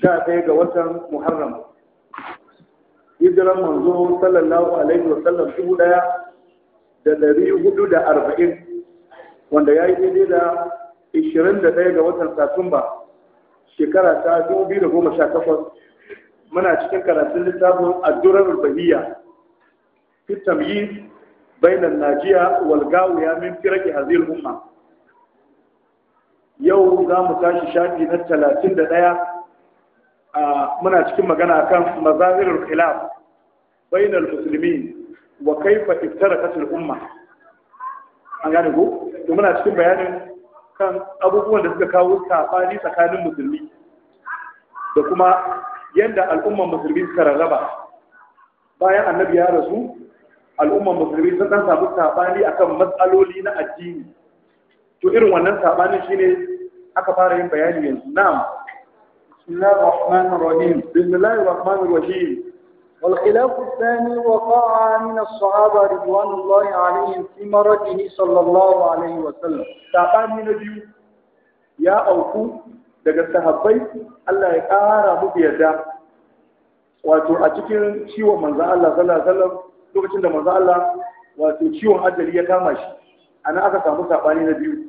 sha ɗaya ga watan muharram hijiran manzo sallallahu alaihi wasallam sallam dubu ɗaya da ɗari hudu da arba'in wanda ya yi daidai da ishirin da ɗaya ga watan satumba shekara ta dubu biyu da goma sha takwas muna cikin karatun littafin addurar bahiyya fi tamyiz bainan najiya wal ya min firaki hazil umma yau za mu tashi shafi na talatin da ɗaya muna cikin magana kan mazahirul khilaf bainal muslimin wa kaifa iftaraqat al umma an gane ko to muna cikin bayanin kan abubuwan da suka kawo sabani tsakanin musulmi da kuma yadda al'umman musulmi suka rarraba bayan annabi ya rasu al'umman musulmi sun dan samu sabani akan matsaloli na addini to irin wannan sabanin shine aka fara yin bayani yanzu na'am بسم الله الرحمن الرحيم بسم الله الرحمن الرحيم والخلاف الثاني وقع من الصحابة رضوان الله عليهم في مرضه صلى الله عليه وسلم تعبان من الديو يا أوكو daga sahabbai Allah ya ƙara muku yadda wato a cikin ciwon manzan Allah sallallahu lokacin da manzan Allah wato ciwon ajali ya kama shi ana aka samu saɓani na biyu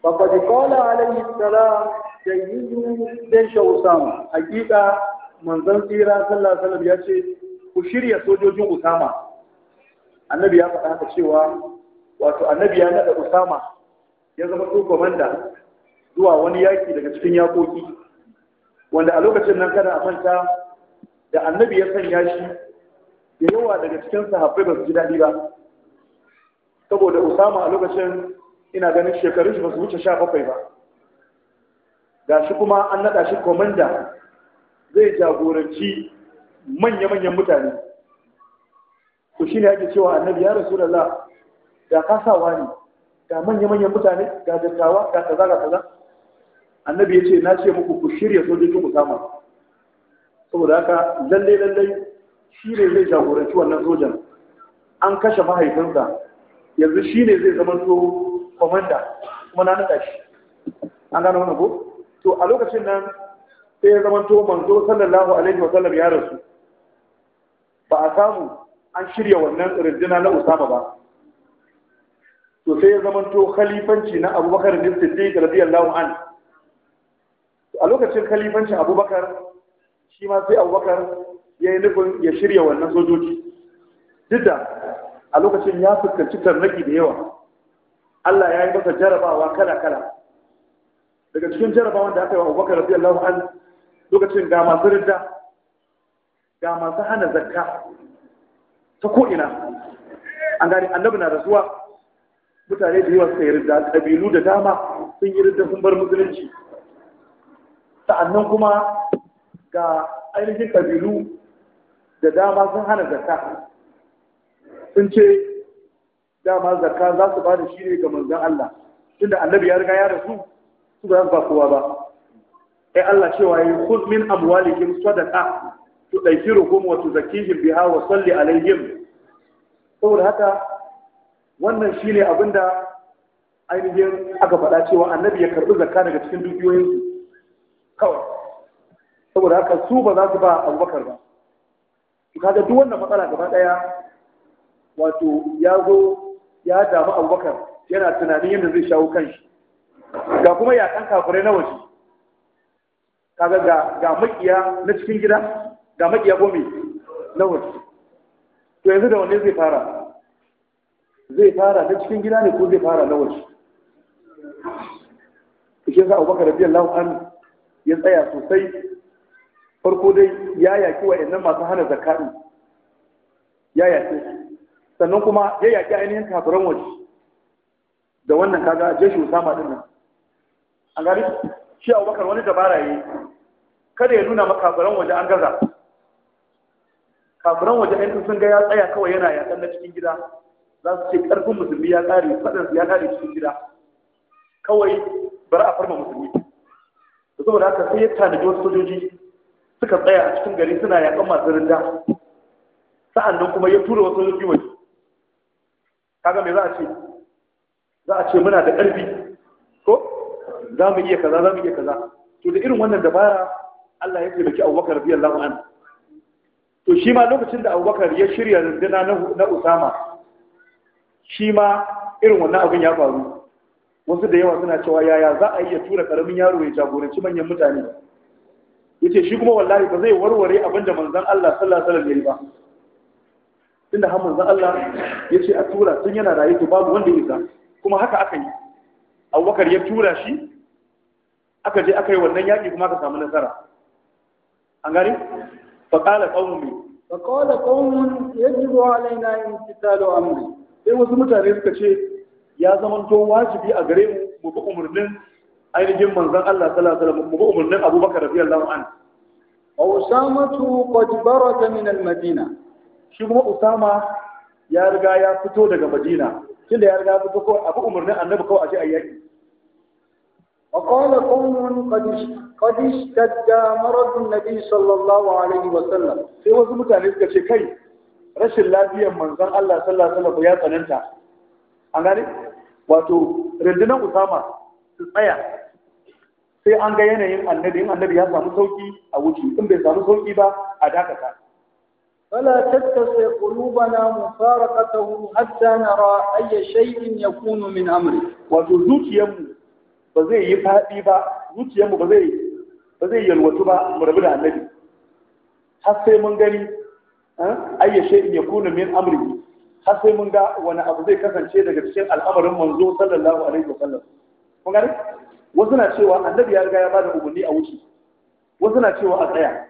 faqad qala alaihi salam jayyidu dan shausan hakika manzon tsira sallallahu alaihi wasallam ya ce ku shirya sojojin usama annabi ya faɗa haka cewa wato annabi ya nada usama ya zama ko komanda zuwa wani yaki daga cikin yakoki wanda a lokacin nan kada a manta da annabi ya sanya shi da yawa daga cikin sahabbai ba su ji daɗi ba saboda usama a lokacin ina ganin shekarun shi ba su wuce sha bakwai ba ga shi kuma an naɗa shi komanda zai jagoranci manya-manyan mutane Ku shi ne ake cewa annabi ya rasu da ga kasawa ne ga manya-manyan mutane ga dattawa ga kaza ga kaza annabi ya ce na ce muku ku shirya sojojin ku kama saboda haka lallai lallai shi ne zai jagoranci wannan sojan an kashe mahaifinsa yanzu shi ne zai zama so komanda kuma na naɗa shi an gano wani ko to a lokacin nan sai ya zama to manzo sallallahu alaihi wa sallam ya rasu ba a samu an shirya wannan rijina na Usama ba to sai ya zama to khalifanci na Abubakar bin Siddiq radiyallahu an a lokacin khalifancin Abubakar shi ma sai Abubakar ya yi nufin ya shirya wannan sojoji duk da a lokacin ya fuskanci tarnaki da yawa Allah ya yi masa jarabawa kala-kala daga cikin jarabawan da aka yi wa abubakar radiyallahu an lokacin ga masu ridda ga masu hana zakka ta ko'ina an gani annabi na rasuwa mutane da yawa suka yi ridda ƙabilu da dama sun yi ridda sun bar musulunci sa'annan kuma ga ainihin ƙabilu da dama sun hana zakka sun ce dama zakka za su ba da shi ne ga manzon Allah tunda annabi ya riga ya rasu ba ba kowa ba ai Allah cewa yi khud min amwalikum sadaqa tudayyiruhum wa tuzakkihim biha wa salli alaihim saboda haka wannan shine abinda ainihin aka faɗa cewa annabi ya karbi zakka daga cikin dukiyoyinsu kawai saboda haka su ba za su ba abubakar ba to kaga duk wannan matsala gaba ɗaya wato ya zo ya damu abubakar yana tunanin yadda zai shawo kan shi ga kuma ɗan kafirai na waje kaga ga ga makiya na cikin gida ga makiya gome na waje to yanzu da wanne zai fara zai fara na cikin gida ne ko zai fara na waje shi sa Bakar radiyallahu an ya tsaya sosai farko dai ya yaki wa'annan masu hana zakari ya yaki sannan kuma ya yaki ainihin kafiran waje da wannan kaga jeshi usama din nan a gari shi abubakar wani dabara yi kada ya nuna ma kafiran waje an gaza kafiran waje ɗin sun ga ya tsaya kawai yana yaƙan na cikin gida za su ce ƙarfin musulmi ya ƙare faɗin ya ƙare cikin gida kawai bar a farma musulmi da saboda haka sai ya tanadi wasu sojoji suka tsaya a cikin gari suna yaƙan masu rinda sa'an nan kuma ya tura wasu sojoji waje kaga me za a ce za a ce muna da ƙarfi za mu iya kaza za mu iya kaza to da irin wannan dabara Allah ya taimaki Abubakar radiyallahu anhu to shi ma lokacin da Abubakar ya shirya rundunar na Usama shi ma irin wannan abin ya faru wasu da yawa suna cewa yaya za a iya tura karamin yaro ya jagoranci manyan mutane yace shi kuma wallahi ba zai warware abin da manzon Allah sallallahu alaihi wasallam ya yi ba tunda har manzon Allah yace a tura tun yana raye to babu wanda ya isa kuma haka aka yi Abubakar ya tura shi aka je aka yi wannan yaƙi kuma aka samu nasara an gani faƙala ƙaunin mai faƙala ƙaunin ya ji zuwa alaina yin fitalo amri sai wasu mutane suka ce ya zama to wajibi a gare mu mu bi umarnin ainihin manzon Allah sallallahu alaihi wasallam mu bi umarnin Abubakar radiyallahu anhu wa usamatu qad baraka min al-madina shi kuma usama ya riga ya fito daga madina tunda ya riga ya fito ko abu umarnin annabi kawai a ce ayyaki وقال قوم قد قد اشتد مرض النبي صلى الله عليه وسلم sai wasu mutane suka ce kai rashin lafiyar manzon Allah sallallahu ya tsananta an gane wato rundunar Usama su sai an ga yanayin annabi in annabi ya samu sauki a wuce in bai samu sauki ba a dakata فلا تتسع قلوبنا مفارقته حتى نرى أي شيء يكون من أمره Wato يمو ba zai yi faɗi ba zuciyarmu ba zai ba zai yalwatu ba mu rabu da annabi har sai mun gani ayyashe in kuna min amri har sai mun ga wani abu zai kasance daga cikin al'amarin manzo sallallahu alaihi wa sallam kun gani wasu na cewa annabi ya riga ya bada umarni a wuce wasu na cewa a tsaya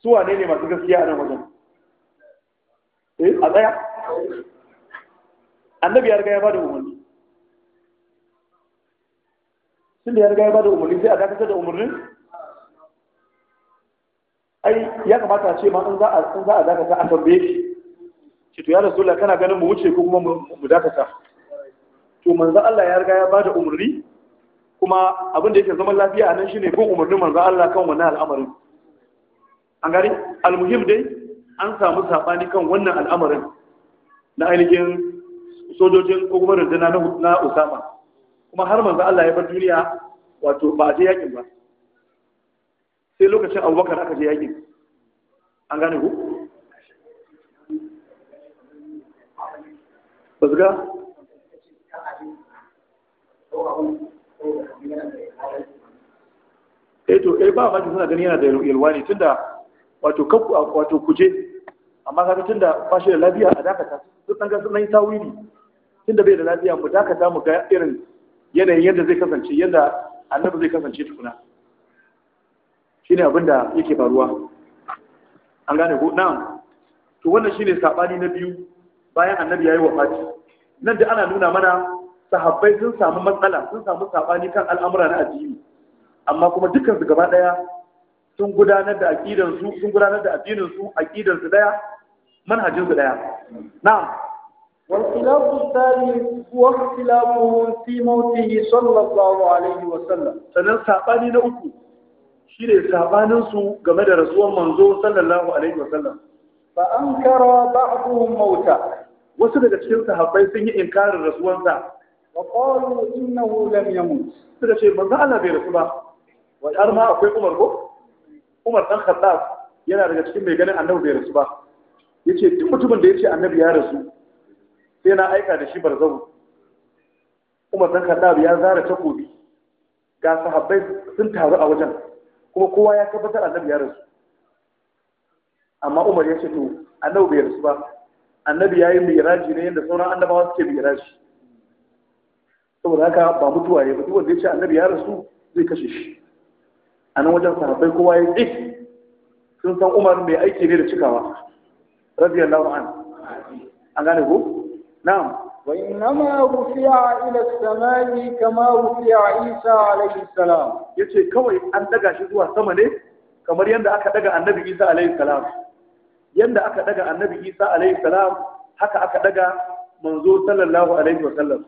su wane ne masu gaskiya a nan wajen eh a tsaya annabi ya riga ya bada umarni tunda da ya riga ya bada umarni sai a dakatar da umarnin ai ya kamata a ce ma in za a in za a dakata a tambaye shi ce to ya rasulullah kana ganin mu wuce ko kuma mu dakata to manzo Allah ya riga ya bada umarni kuma abin da yake zaman lafiya a nan shine bin umarnin manzo Allah kan wannan al'amarin an gari almuhim dai an samu sabani kan wannan al'amarin na ainihin sojojin ko kuma rundunar na Usama kuma har manzo Allah ya bar duniya wato ba a je yakin ba sai lokacin abubakar aka je yakin an gane ku ba su ga eh to eh ba ma suna gani yana da yalwa ne tunda wato kafu wato kuje amma kaga tunda ba shi da lafiya a dakata sun san ga sun yi tawili tunda bai da lafiya mu dakata mu ga irin yanayin yadda zai kasance yadda annabi zai kasance tukuna shine ne abinda yake faruwa an gane ko na'am to wannan shine sabani na biyu bayan annabi ya wa fati nan da ana nuna mana sahabbai sun samu matsala sun samu sabani kan al'amura na addini amma kuma dukkan su gaba ɗaya sun gudanar da aqidan sun gudanar da addinin su daya manhajinsu daya na'am والخلاف الثاني هو اختلافهم في موته صلى الله عليه وسلم sannan sabani na uku shine sabanin su game da rasuwan manzo sallallahu alaihi wasallam fa ankara ba'dhum mauta wasu daga cikin sahabbai sun yi inkarin rasuwansa wa qalu innahu lam yamut suka ce manzo Allah bai rasu ba wa har akwai Umar ko Umar dan Khattab yana daga cikin mai ganin annabi bai rasu ba duk mutumin da ce annabi ya rasu sai na aika da shi barzahu umar dan kaddab ya zara takobi ga sahabbai sun taru a wajen kuma kowa ya tabbatar annabi ya rasu amma umar ya ce to annabi bai rasu ba annabi ya yi miraji ne yadda sauran annabawa suke miraji saboda haka ba mutuwa ya duk wanda ya ce annabi ya rasu zai kashe shi a nan wajen sahabbai kowa ya yi sun san umar mai aiki ne da cikawa radiyallahu an an gane ko نعم وإنما رفع إلى السماء كما رفع عيسى عليه السلام يتي كوي أن دقى شدوها سمنه كما يند أكا دقى النبي عيسى عليه السلام يند أكا دقى النبي عيسى عليه السلام haka aka daga manzo sallallahu alaihi wa sallam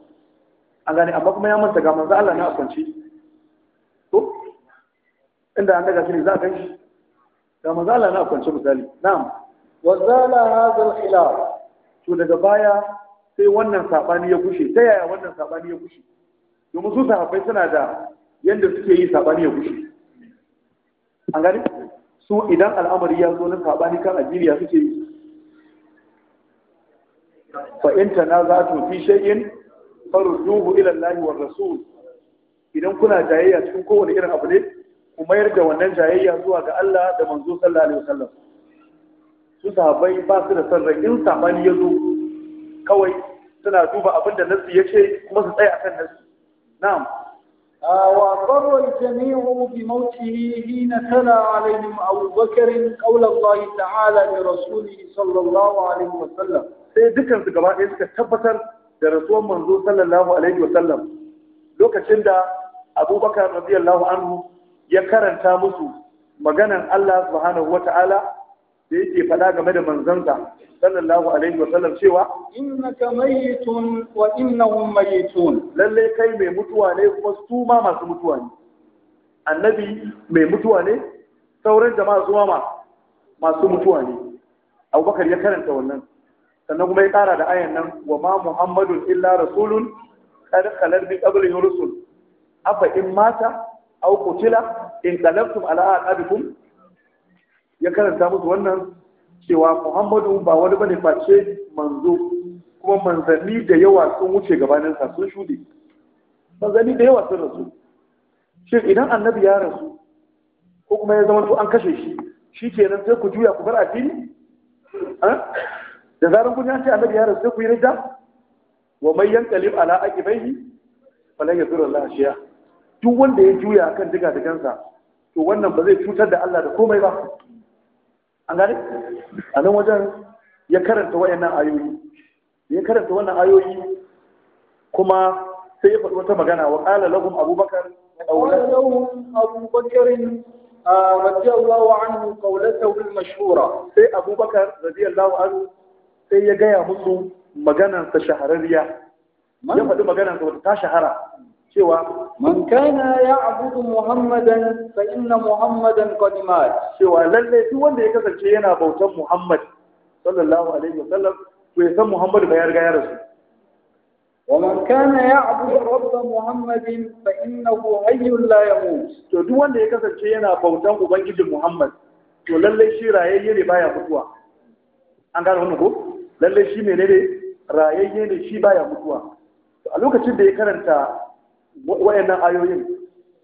an gane amma kuma ya manta ga manzo za Allah na kwanci misali na'am wa zala hadha to daga baya sai wannan saɓani ya gushe ta yaya wannan saɓani ya gushe domin su sahabbai suna da yadda suke yi saɓani ya gushe an gani su idan al'amari ya zo na saɓani kan ajiriya suke yi fa'in na za a fi shayin faru duhu ilan lahi wa rasul idan kuna jayayya cikin kowane irin abu ne ku mayar da wannan jayayya zuwa ga Allah da manzo sallallahu alaihi wasallam su sahabbai ba su da san rai in saɓani ya zo kawai suna duba abin da nasu ya ce kuma su tsaya akan nasu na'am وأقر الجميع بموته حين تلا عليهم أبو بكر قول الله da لرسوله Sallallahu alaihi wa sallam. sai dukkan su gaba ɗaya suka tabbatar da rasuwan manzo sallallahu alaihi wa sallam. lokacin da abubakar radiyallahu anhu ya karanta musu maganan Allah subhanahu ta'ala da yake faɗa game da manzansa sallallahu alaihi wa sallam cewa innaka mayitun wa innahum mayitun lalle kai mai mutuwa ne kuma su ma masu mutuwa ne annabi mai mutuwa ne sauran jama'a su ma masu mutuwa ne abubakar ya karanta wannan sannan kuma ya ƙara da ayan nan wa ma muhammadun illa rasulun qad khalal bi qablihi rusul afa in mata aw qutila in qalabtum ala aqabikum ya karanta musu wannan cewa muhammadu ba wani bane face manzo kuma manzanni da yawa sun wuce gabaninsa sun shuɗe manzanni da yawa sun rasu shin idan annabi ya rasu ko kuma ya zama to an kashe shi shi kenan sai ku juya ku bar addini da zarar kun yanci annabi ya rasu sai ku yi rida wa mai yankalib ala aqibaihi falan ya Allah shiya duk wanda ya juya kan diga digansa to wannan ba zai cutar da Allah da komai ba an gane a nan wajen ya karanta wayannan ayoyi ya karanta wannan ayoyi kuma sai ya faɗi wata magana wa qala lahum abubakar lahum abubakar ah, radiyallahu anhu qawlatuhu al-mashhura sai abubakar radiyallahu anhu sai ya gaya musu maganarsa shahararriya ya faɗi maganarsa wata ta shahara cewa man kana abudu muhammadan fa inna muhammadan qad cewa lalle duk wanda ya kasance yana bautan muhammad sallallahu alaihi wasallam to ya san muhammad bai riga ya rasu ya abudu rabb muhammadin fa innahu hayyun la yamut to duk wanda ya kasance yana bautan ubangijin Muhammad to lalle shi rayayye ne baya mutuwa an gane wannan ko lalle shi menene rayayye ne shi baya mutuwa a lokacin da ya karanta wayannan ayoyin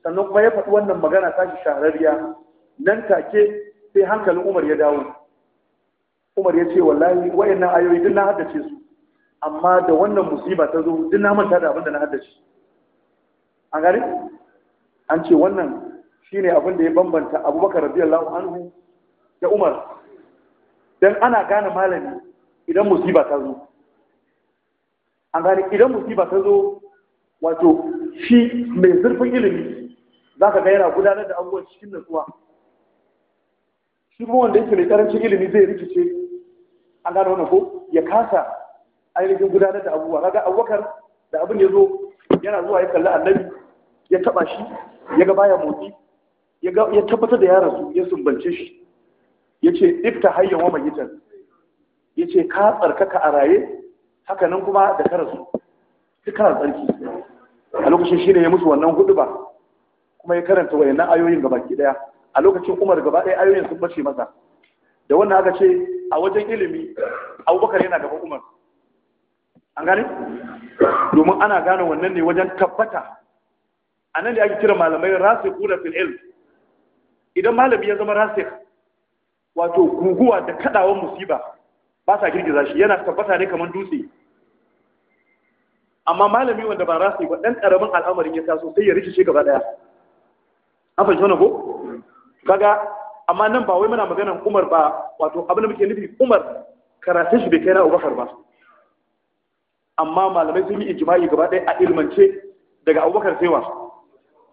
sannan kuma ya faɗi wannan magana ta shi shahararriya nan take sai hankalin Umar ya dawo Umar ya ce wallahi wayannan ayoyi duk na haddace su amma da wannan musiba ta zo duk na manta da abin da na haddace an gari an ce wannan shine abin da ya bambanta Abubakar radiyallahu anhu da Umar dan ana gane malami idan musiba ta zo an gani idan musiba ta zo wato shi mai zurfin ilimi za ka gaira gudanar da abubuwan cikin nasuwa shi kuma wanda yake mai karancin ilimi zai rikice an gano wannan ko ya kasa ainihin gudanar da abubuwa kaga abubakar da abin ya zo yana zuwa ya kalli annabi ya taba shi ya ga baya motsi ya tabbatar da yaron su ya sumbance shi ya ce ifta hayyan wa magitan ya ce ka tsarkaka a raye haka nan kuma da karasu duk kana tsarki a lokacin shine ya musu wannan hudu ba kuma ya karanta wayannan ayoyin gaba ki daya a lokacin Umar gaba daya ayoyin sun bace masa da wannan aka ce a wajen ilimi Abubakar yana gaba Umar an gane domin ana gane wannan ne wajen tabbata a nan da ake kira malamai rasikhuna fil ilm idan malami ya zama rasikh wato guguwa da kadawan musiba ba sa girgiza shi yana tabbata ne kamar dutse amma malami wanda ba rasu ba dan karamin al'amarin ya taso sai ya shi gaba daya an fahimci wannan ko kaga amma nan ba wai muna magana Umar ba wato abin da muke nufi Umar karatun shi bai kai na Abubakar ba amma malamai sun yi ijma'i gaba daya a ilmance daga Abubakar sai wa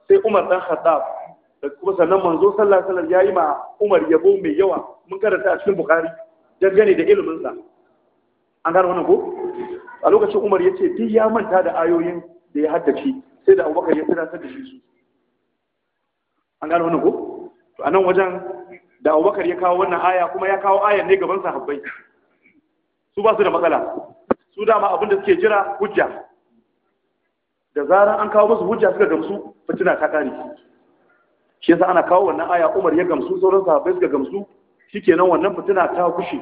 sai Umar dan Khattab da kuma sannan manzo sallallahu alaihi ya yi ma Umar yabo mai yawa mun karanta a cikin Bukhari dangane da ilminsa. sa an gano wannan ko a lokacin umar ya ce duk ya manta da ayoyin da ya haddace sai da abubakar ya tunatar da shi su an gano wannan ko to a nan wajen da abubakar ya kawo wannan aya kuma ya kawo ayan ne gaban sahabbai su ba su da matsala su dama abin da suke jira hujja da zarar an kawo musu hujja suka gamsu fitina ta kare shi yasa ana kawo wannan aya umar ya gamsu sauran sahabbai suka gamsu shikenan wannan fitina ta kushe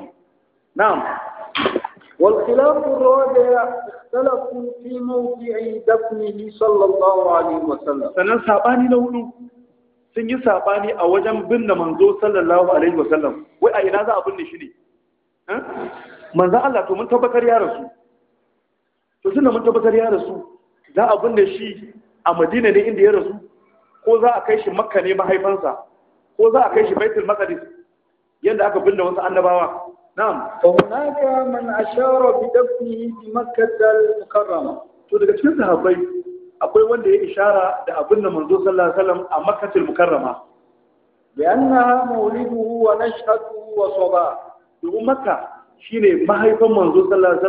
na'am والخلاف الرابع اختلفوا في موضع دفنه صلى الله عليه وسلم سنن ساباني لو sun yi saɓani a wajen binne manzo sallallahu alaihi wasallam wai a ina za a binne shi ne manzo Allah to mun tabbatar ya rasu to tunda mun tabbatar ya rasu za a binne shi a Madina ne inda ya rasu ko za a kai shi Makka ne mahaifansa ko za a kai shi Baitul Maqdis yadda aka binne wasu annabawa na'am fa hunaka man ashara bi dafnihi bi makkah al-mukarrama to daga cikin sahabbai akwai wanda ya ishara da abin da manzo sallallahu alaihi wasallam a makkah al-mukarrama bi annaha mawliduhu wa nashhadu wa sabah domin makkah shine mahaifan manzo sallallahu alaihi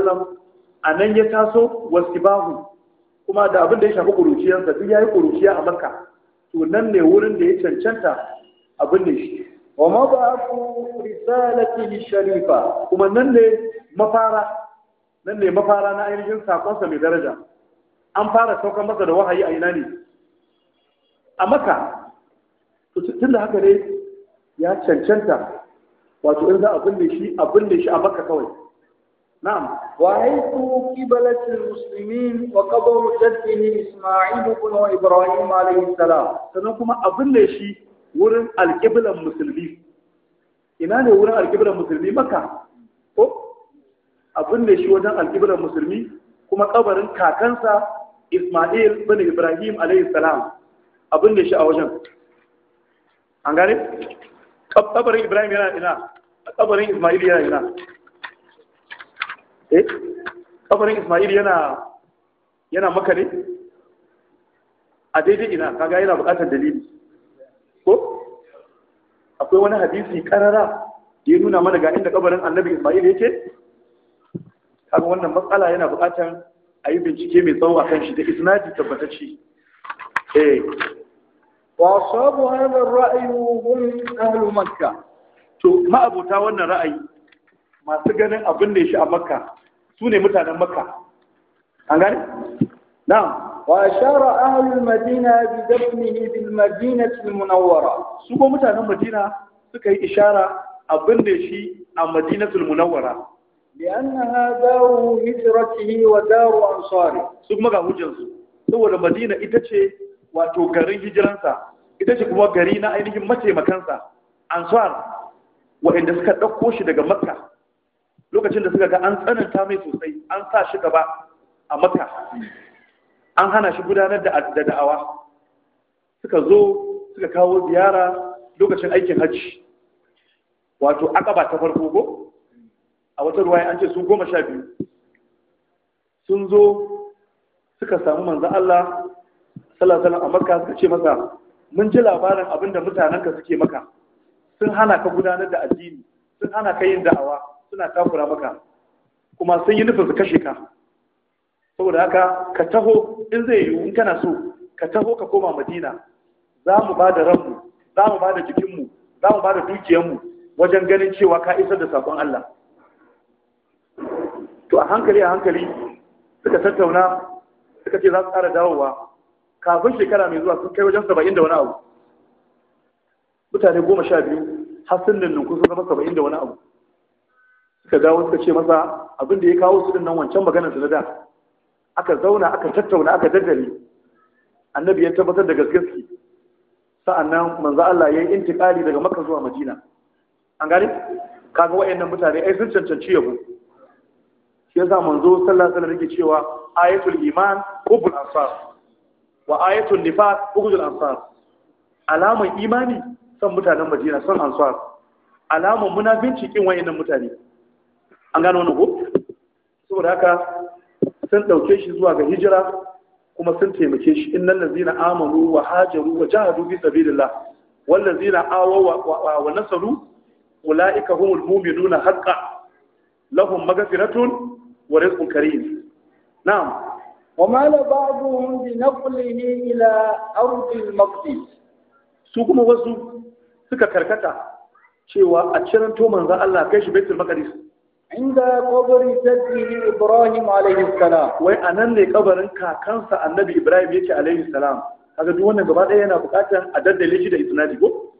wasallam ya taso wasibahu kuma da abin da ya shafi kuruciyarsa duk yayi kuruciya a makka to nan ne wurin da ya cancanta abin ne shi wa mabaku risalatihi sharifa kuma nan ne mafara nan ne mafara na ainihin sakonsa mai daraja an fara saukan masa da wahayi a ina ne a maka tun da haka ne ya cancanta wato in za a binne shi a binne shi a maka kawai na'am wa haythu qibalatul muslimin wa qabru jaddihi isma'il ibn ibrahim alayhi salam sannan kuma a binne shi wurin alƙiblan musulmi ina ne wurin alƙiblan musulmi maka ko abin da shi wajen alƙiblan musulmi kuma kabarin kakansa ismail bin ibrahim alayhi salam abin da shi a wajen an gane kabarin ibrahim yana ina kabarin ismail yana ina eh kabarin ismail yana yana maka ne a daidai ina kaga yana buƙatar dalili akwai wani hadisi karara da ya nuna mana ga inda kabarin annabi Ismail yake kaga wannan matsala yana buƙatar a yi bincike mai tsawo a kan shi da isnadi tabbatacce eh wa sabu hum ahlu makka to ma'abuta wannan ra'ayi masu ganin abin da ya shi a makka su ne mutanen makka an gane نعم واشار اهل المدينه بدفنه بالمدينه المنوره سو متان مدينه suka yi ishara abin da shi a madinatul munawwara liannaha daru hijratihi wa daru ansari su kuma ga hujjan saboda madina ita ce wato garin hijiransa ita ce kuma gari na ainihin mace makansa ansar wa inda suka ɗauko shi daga makka lokacin da suka ga an tsananta mai sosai an sa shi gaba a makka an hana shi gudanar da da'awa suka zo suka kawo ziyara lokacin aikin hajji wato akaba ta farko ko a wata ruwaya an ce su goma sha biyu sun zo suka samu manzan Allah sallallahu a makka suka ce masa mun ji labarin abinda mutanenka suke maka sun hana ka gudanar da addini sun hana ka yin da'awa suna takura maka kuma sun yi nufin su kashe ka saboda haka ka taho in zai yiwu in kana so ka taho ka koma madina za mu ba da ranmu za mu ba da jikinmu za mu ba da dukiyarmu wajen ganin cewa ka isar da sakon Allah to a hankali a hankali suka tattauna suka ce za su ƙara dawowa kafin shekara mai zuwa sun kai wajen saba'in da wani abu mutane goma sha biyu har sun ninku sun zama saba'in da wani abu suka dawo suka ce masa abin da ya kawo su din nan wancan maganar su na da aka zauna aka tattauna aka daddare annabi ya tabbatar da gaske sa'annan manzo Allah ya yi intikali daga makka zuwa madina an gane kaga wayannan mutane ai sun cancanci yabo shi yasa manzo sallallahu alaihi wasallam yake cewa ayatul iman hubul ansar wa ayatul nifaq hubul ansar alaman imani san mutanen madina san ansar alaman munafinci kin wayannan mutane an gane wannan ko saboda haka sun ɗauke shi zuwa ga hijira kuma sun taimake shi na zina amanu wa hajaru wa jahadu fi sabilillah wannan zina awaw wa nasaru ulaika humul nuna haqqan lahum maghfiratun wa rizqun karim na'am babu-bundi ومال بعضهم بنقله ila أرض المقدس su kuma wasu suka karkata cewa a ciranto manzan Allah kai shi baitul maqdis inda kabari tajjihi Ibrahim alaihi salam wai anan ne kabarin kakansa Annabi Ibrahim yake alaihi salam kaga duk wannan gaba ɗaya yana buƙatar a daddale shi da isnadi ko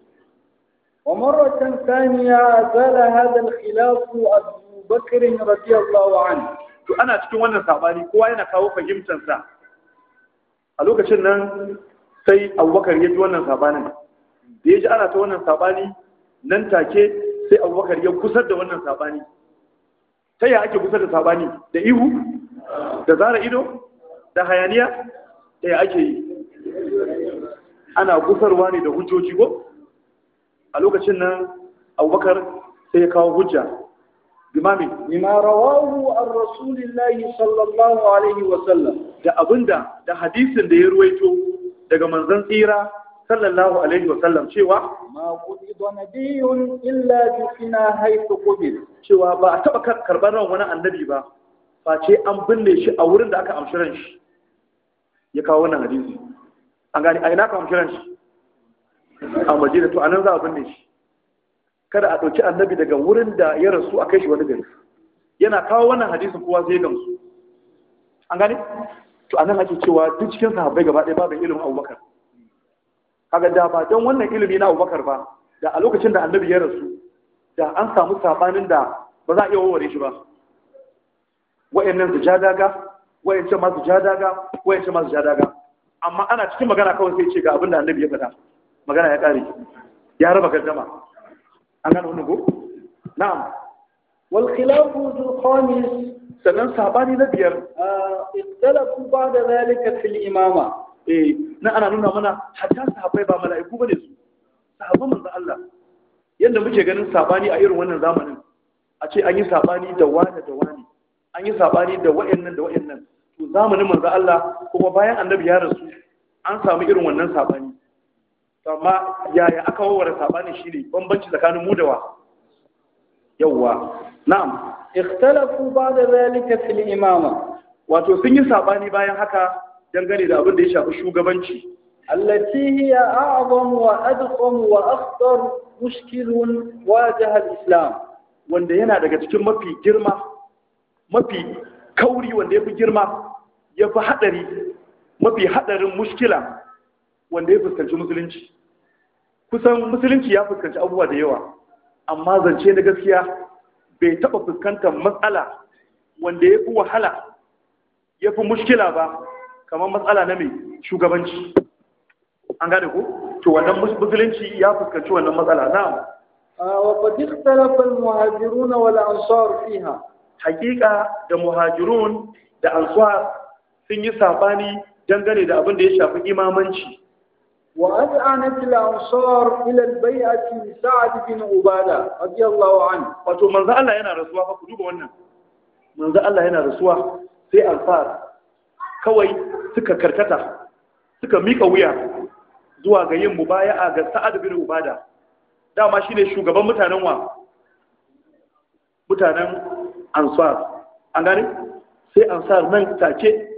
ومرة ثانية زال هذا hada أبو abu bakr radiyallahu عنه to ana cikin wannan sabani kowa yana kawo fahimtansa a lokacin nan sai abubakar ya ji wannan sabanin da ya ji ana ta wannan sabani nan take sai abubakar ya kusar da wannan sabani ta yi ake kusa da sabani da ihu da zara ido da hayaniya ta yi ake yi ana kusarwa ne da hujjoji ko a lokacin nan abubakar sai ya kawo hujja limami lima rawahu an rasulillahi sallallahu alaihi wasallam da abinda da hadisin da ya ruwaito daga manzan tsira sallallahu alaihi wa sallam cewa ma qudida nabiyun illa jufina haythu qubid cewa ba a taba karban ran wani annabi ba face an binne shi a wurin da aka amshi ran shi ya kawo wannan hadisi an gani a ina ka amshi ran shi a madina to anan za a binne shi kada a ɗauki annabi daga wurin da ya rasu a kai shi wani gari yana kawo wannan hadisin kowa zai gamsu an gani to anan ake cewa duk cikin sahabbai gaba ɗaya babu ilimin abubakar kaga da ba don wannan ilimi na Abubakar ba da a lokacin da Annabi ya rasu da an samu sabanin da ba za a iya warware shi ba wayannan su ja daga wayancan ma su ja daga wayancan ma su ja daga amma ana cikin magana kawai sai ce ga abin da Annabi ya faɗa magana ya kare ya raba gaddama an gane wannan ko na'am wal khilafu zu khamis sannan sabani na biyar ba ah, ba'da zalika fil imama eh na ana nuna mana hatta sahabbai ba mala'iku bane su sahabban manzo Allah Yadda muke ganin sabani a irin wannan zamanin a ce an yi sabani da wani da wani an yi sabani da wayannan da wayannan to zamanin manzo Allah kuma bayan annabi ya rasu an sami irin wannan sabani amma yaya aka warware sabani shine bambanci tsakanin mu da wa yawwa na'am ikhtalafu ba'da zalika fil imama wato sun yi saɓani bayan haka dangane da abin da ya shafi shugabanci allati hiya a'zam wa adqam wa akhtar mushkilun wajaha al-islam wanda yana daga cikin mafi girma mafi kauri wanda yafi girma yafi hadari mafi hadarin mushkila wanda ya fuskanci musulunci kusan musulunci ya fuskanci abubuwa da yawa amma zance na gaskiya bai taɓa fuskantar matsala wanda ya fi wahala ya fi mushkila ba kamar matsala na mai shugabanci an gane ku? to wannan musulunci ya fuskanci wannan matsala na ah, wa qad ikhtalafa al-muhajirun wal ansar fiha haqiqa da muhajirun da ansar sun yi sabani dangane da abin da ya shafi imamanci Wa وأذعنت الأنصار إلى البيعة لسعد بن عبادة رضي الله عنه wato manzo Allah yana rasuwa fa ku duba wannan manzo Allah yana rasuwa sai ansar kawai suka karkata suka mika wuya zuwa ga yin mubaya'a ga sa'ad bin ubada dama shine shugaban mutanen wa mutanen ansar an gane sai ansar nan take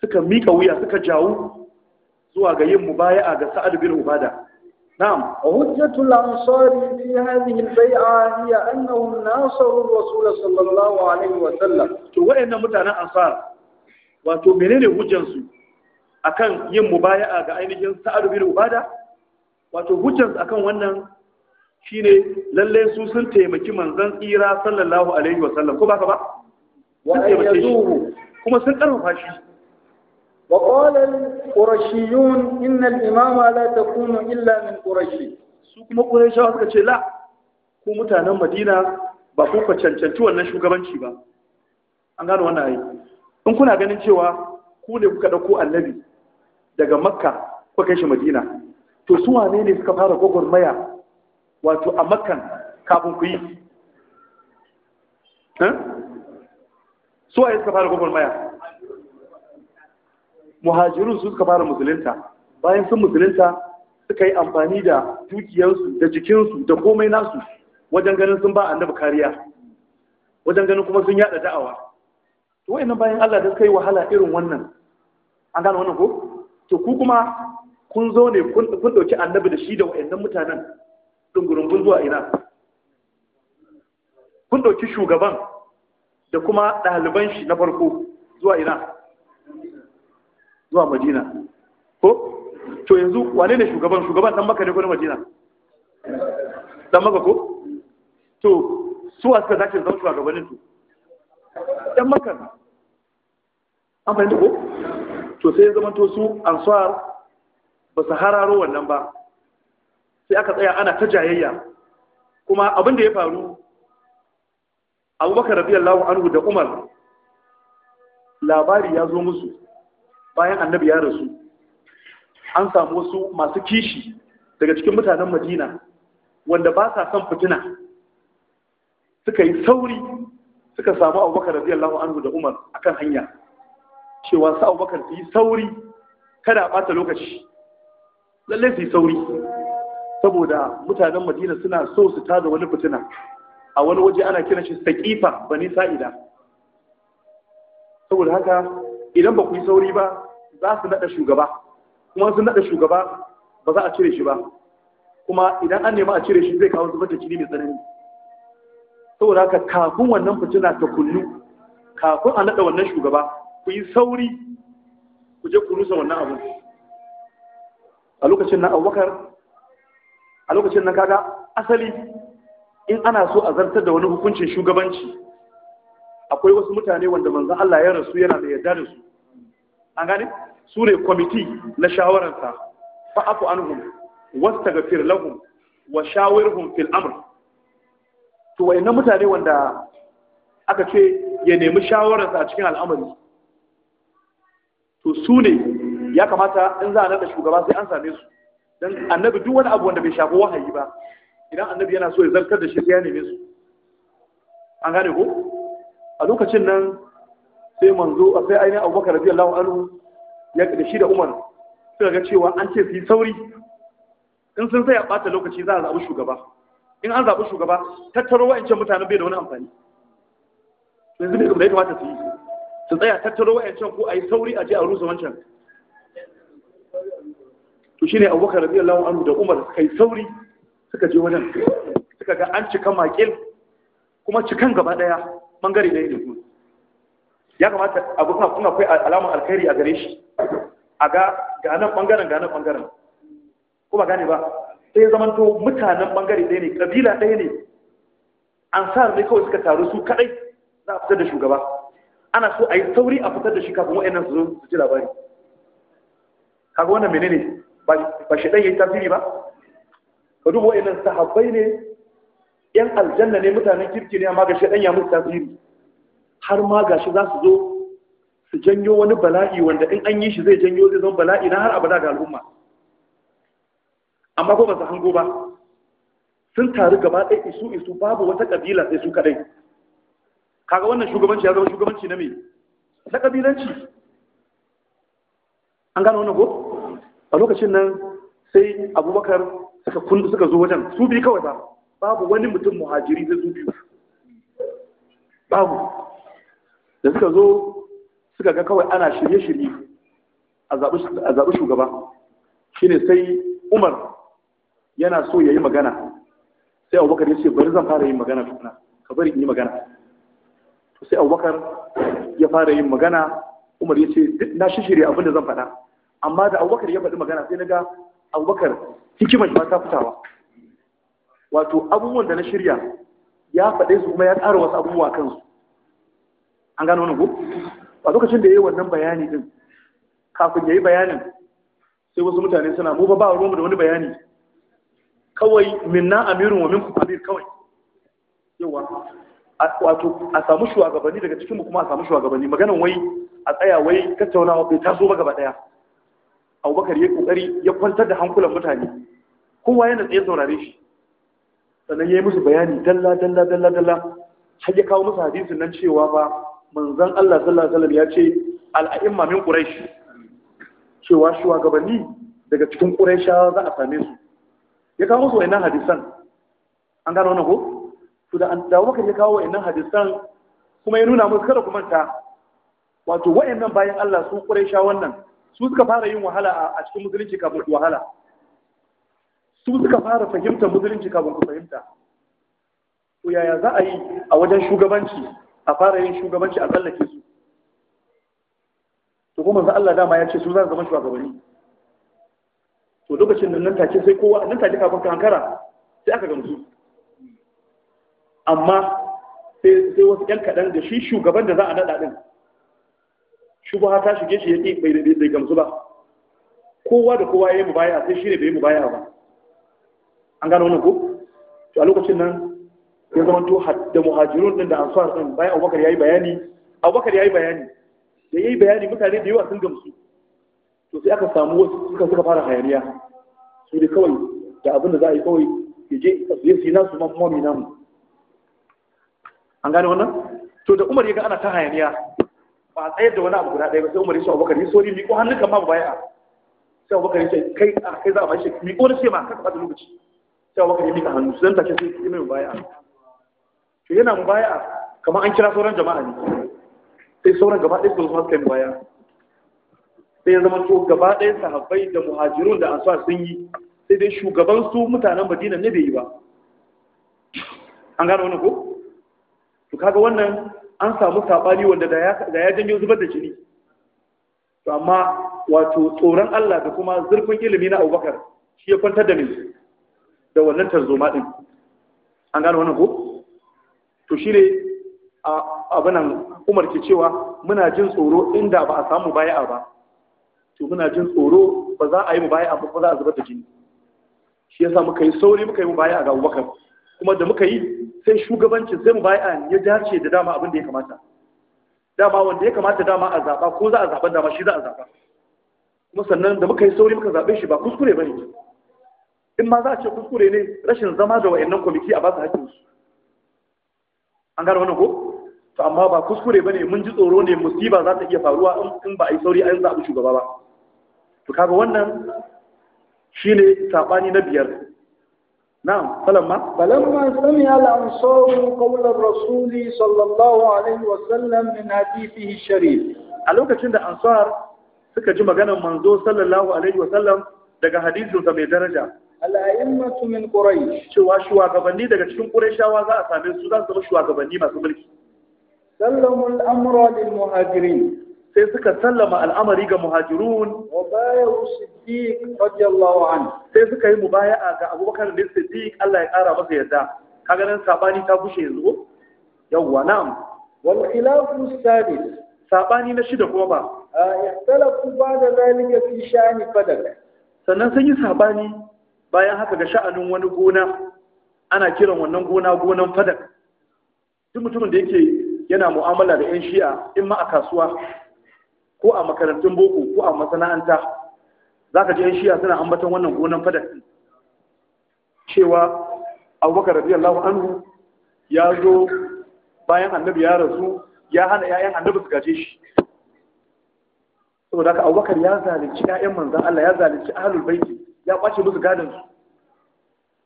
suka mika wuya suka jawo zuwa ga yin mubaya'a ga sa'ad bin ubada نعم وهجة الأنصار في هذه البيعة هي أنهم ناصروا الرسول صلى الله عليه وسلم وإن mutanen أنصار wato menene hujjansu akan yin mubaya'a ga ainihin sa'adu bin ubada wato hujjansu akan wannan shine lalle su sun taimaki manzon tsira sallallahu alaihi wa sallam ko baka ba wa ayyazuhu kuma sun karfafa shi wa qala al-qurashiyun inna al-imama la takunu illa min qurashi su kuma qurayshawa suka ce la ku mutanen madina ba ku cancanci wannan shugabanci ba an gano wannan ayi in kuna ganin cewa ku ne kuka ɗauko annabi daga makka ko kai shi madina to su wane ne suka fara gwagwarmaya wato a makkan kafin ku yi eh? su wane suka fara gwagwarmaya muhajirun su suka fara musulunta bayan sun musulunta suka yi amfani da dukiyarsu da jikinsu da komai nasu wajen ganin sun ba annabi kariya wajen ganin kuma sun yada da'awa to nan bayan Allah da kai wahala irin wannan an gane wannan ko to ku kuma kun zo ne kun dauki annabi da shi da wayannan mutanen dungurungun zuwa ina kun dauki shugaban da kuma ɗaliban shi na farko zuwa ina zuwa madina ko to yanzu wane ne shugaban shugaban dan maka ne ko na madina dan maka ko to su suwa suka zace zama shugabanin su Yan maka, an fahimta ko to sai zama to su ansar ba su hararo wannan ba sai aka tsaya ana ta jayayya kuma abin da ya faru abubakar radiyallahu anhu da umar labari ya zo musu bayan annabi ya rasu an samu wasu masu kishi daga cikin mutanen madina wanda ba sa son fitina suka yi sauri suka samu abubakar radiyallahu anhu da umar akan hanya cewa sa abubakar su yi sauri kada a ɓata lokaci lallai su yi sauri saboda mutanen madina suna so su tada wani fitina a wani waje ana kiran shi saƙifa bani sa'ida saboda haka idan ba ku yi sauri ba za su naɗa shugaba kuma su naɗa shugaba ba za a cire shi ba kuma idan an nema a cire shi zai kawo zubar da jini mai tsanani saboda haka kafin wannan fitina ta kullu kafin a naɗa wannan shugaba ku yi sauri ku je ku wannan abu a lokacin na abubakar a lokacin na kaga asali in ana so a zartar da wani hukuncin shugabanci akwai wasu mutane wanda manzan Allah ya rasu yana da yarda da su an gane su ne kwamiti na shawararsa fa'afu anhum wasta lahum wa shawirhum fil amr to wayannan mutane wanda aka ce ya nemi shawararsa a cikin al'amari to su ne ya kamata in za a nada shugaba sai an same su dan annabi duk wani abu wanda bai shafi wahayi ba idan annabi yana so ya zartar da shi sai ya neme su an gane ko a lokacin nan sai manzo sai ainihin abubakar radiyallahu anhu ya da shi da umar suka ga cewa an ce su sauri in sun sai a ɓata lokaci za a zaɓi shugaba in an zaɓi shugaba tattaro wa'ancan mutanen bai da wani amfani yanzu ne da ya kamata su yi su tsaya tattaro wa'ancan ko a yi sauri a je a rusa wancan to shi ne abubakar rabi allahu anhu da umar suka yi sauri suka je wajen suka ga an cika makil kuma cikan gaba ɗaya ɓangare ɗaya ne kuma ya kamata abokan kun akwai alamar alkhairi a gare shi a ga ganan ɓangaren ganan ɓangaren kuma gane ba sai ya zamanto mutanen bangare ɗaya ne ƙabila ɗaya ne An sa ne kawai suka taru su kaɗai za a fitar da shugaba ana so a yi sauri a fitar da shi kafin wa'annan su su ji labari kaga wannan menene ba shi ɗan yi tasiri ba ka duba wa'annan sahabbai ne yan aljanna ne mutanen kirki ne amma ga shi ɗan ya musu tasiri har ma ga shi za su zo su janyo wani bala'i wanda in an yi shi zai janyo zai zama bala'i na har abada ga al'umma amma ko ba su hango ba sun taru gaba ɗaya isu isu babu wata ƙabila sai su kaɗai kaga wannan shugabanci ya zama shugabanci na me na ƙabilanci an gano wannan ko a lokacin nan sai abubakar suka kundu suka zo wajen su biyu kawai ba babu wani mutum muhajiri zai su biyu babu da suka zo suka ga kawai ana shirye-shirye a zaɓi shugaba shine sai umar yana so ya yi magana sai abubakar ya ce bari zan fara yin magana tukuna ka bari in yi magana to sai abubakar ya fara yin magana umar ya ce na shi shirya abinda zan faɗa amma da abubakar ya faɗi magana sai na ga abubakar hikimar ba ta fitawa wato abubuwan da na shirya ya faɗe su kuma ya tsara wasu abubuwa kansu an gano wani ko a lokacin da ya yi wannan bayani din kafin ya yi bayanin sai wasu mutane suna mu ba ba ruwanmu da wani bayani kawai minna amirun wa minkum amir kawai yawa wato a samu shugabanni daga cikinmu kuma a samu shugabanni maganan wai a tsaya wai tattaunawa bai taso ba gaba daya abubakar ya kokari ya kwantar da hankulan mutane kowa yana tsaye saurare shi sannan ya yi musu bayani dalla dalla dalla dalla har ya kawo musu hadisin nan cewa ba manzon Allah sallallahu alaihi wasallam ya ce al'a'imma min quraish cewa shugabanni daga cikin quraishawa za a same su ya kawo su wa'annan hadisan an gano wannan ko su da da Abubakar ya kawo wa'annan hadisan kuma ya nuna musu kada kuma ta wato wa'annan bayan Allah su sha wannan su suka fara yin wahala a cikin musulunci kafin ku wahala su suka fara fahimtar musulunci kafin ku fahimta to yaya za a yi a wajen shugabanci a fara yin shugabanci a tsallake su to kuma za Allah dama ya ce su za su zama shugabanni to lokacin da nan take sai kowa nan take kafin ka hankara sai aka gamsu amma sai wasu ƴan kaɗan da shi shugaban da za a naɗa ɗin ba ta shige shi yake bai bai gamsu ba kowa da kowa ya yi mubaya sai shi ne bai yi mubaya ba an gano wannan ko to a lokacin nan ya zama to da muhajirun din da ansar din bayan abubakar ya yi bayani abubakar ya yi bayani da ya yi bayani mutane da yawa sun gamsu to sai aka samu wasu suka suka fara hayaniya su da kawai da abin da za a yi kawai ya je su yi nasu ma mami namu an gane wannan to da umar ya ga ana ta hayaniya ba a tsayar da wani abu guda ɗaya ba sai umar ya ce abubakar ya sori miƙo hannun kan ma baya sai abubakar ya ce kai a kai za a bashi miƙo na ce ma kaka da lokaci sai abubakar ya miƙa hannu su zanta ce sai ya mai baya to yana mu baya kamar an kira sauran jama'a ne sai sauran gaba ɗaya su zama kai mu baya sai ya zama to gaba ɗaya sahabbai da muhajirun da ansuwa sun yi sai dai shugaban su mutanen madina ne bai yi ba an gano wannan ko to kaga wannan an samu sabani wanda da ya janyo zubar da jini to amma wato tsoron Allah da kuma zurfin ilimi na Abubakar shi ya kwantar da ni da wannan tarzoma din an gano wannan ko to shi ne a abinan Umar ke cewa muna jin tsoro inda ba a samu bai'a ba to muna jin tsoro ba za a yi mu baya amma ba za a zubar da jini shi yasa muka yi sauri muka yi mu baya ga Abubakar kuma da muka yi sai shugabancin sai mu baya ya dace da dama abin da ya kamata dama wanda ya kamata dama a zaba ko za a zaba dama shi za a zaba kuma sannan da muka yi sauri muka zabe shi ba kuskure bane in ma za a ce kuskure ne rashin zama da wayannan kwamiti a ba su hakkin su an gane wannan ko to amma ba kuskure bane mun ji tsoro ne musiba za ta iya faruwa in ba a yi sauri an abu shugaba ba to kaga wannan shine sabani na biyar na'am falamma falamma sami al-ansaru qawla ar Rasuli sallallahu alaihi wa sallam min hadithi sharif a lokacin da ansar suka ji maganar manzo sallallahu alaihi wa sallam daga hadisinsa mai daraja al'a'immatu min ƙurai. cewa shugabanni daga cikin shawa za a same su za su zama shugabanni masu mulki sallamul al'amra lil muhajirin sai suka sallama al'amari ga muhajirun wa bayu siddiq radiyallahu anhu sai suka yi mubaya'a ga abubakar da siddiq Allah ya kara masa yadda kaga nan sabani ta bushe yanzu yawwa na'am wal khilafu sadis sabani na shida kuma ba ikhtalafu ba'da zalika fi sha'ni fadak sannan sun yi sabani bayan haka ga sha'anin wani gona ana kiran wannan gona gonan fadak duk mutumin da yake yana mu'amala da 'yan shi'a in ma a kasuwa ko a makarantun boko ko a masana'anta za ka ji yan shiya suna ambaton wannan gonan fadak cewa abubakar radiyallahu anhu ya zo bayan annabi ya rasu ya hana 'ya'yan annabi su gaje shi saboda haka abubakar ya zalunci 'ya'yan manzan Allah ya zalunci ahlul baiti ya kwace musu gadon su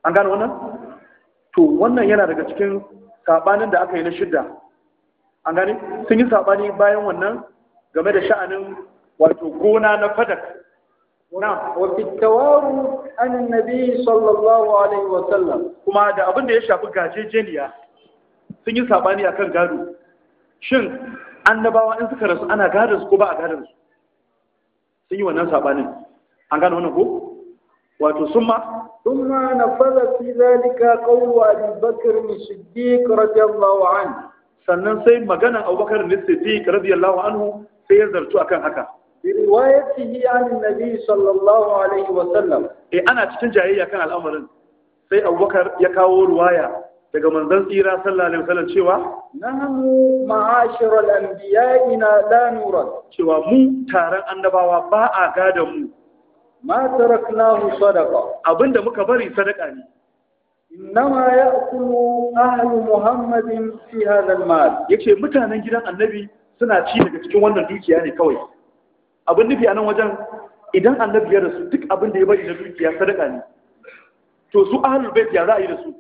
an gano wannan to wannan yana daga cikin sabanin da aka yi na shidda an gane sun yi sabani bayan wannan game da sha'anin wato gona na fadak na wafi tawaru an nabi sallallahu alaihi wasallam kuma da abin da ya shafi gajejeniya sun yi sabani akan gado shin annabawa in suka rasu ana gadon su ko ba a gadon su sun yi wannan sabanin an gano wannan ko wato summa summa نفذ في zalika قول أبي bakr الصديق رضي الله عنه sannan sai maganan abubakar ne siddiq radiyallahu anhu sai ya zartu akan haka riwayatihi an nabi sallallahu alaihi wa sallam E, ana cikin jayayya kan al'amarin sai abubakar ya kawo ruwaya daga manzon tsira sallallahu alaihi wasallam cewa nahnu ma'ashir al ina la nuran cewa mu taron annabawa ba a gadan mu ma mu sadaka. abinda muka bari sadaka ne إنما يأكل أهل محمد في هذا المال يكشي متى نجد النبي suna ci daga cikin wannan dukiya ne kawai abin nufi a nan wajen idan annabi ya rasu duk abin da ya bari na dukiya sadaka ne to su ahlul bait ya ra'ayi da su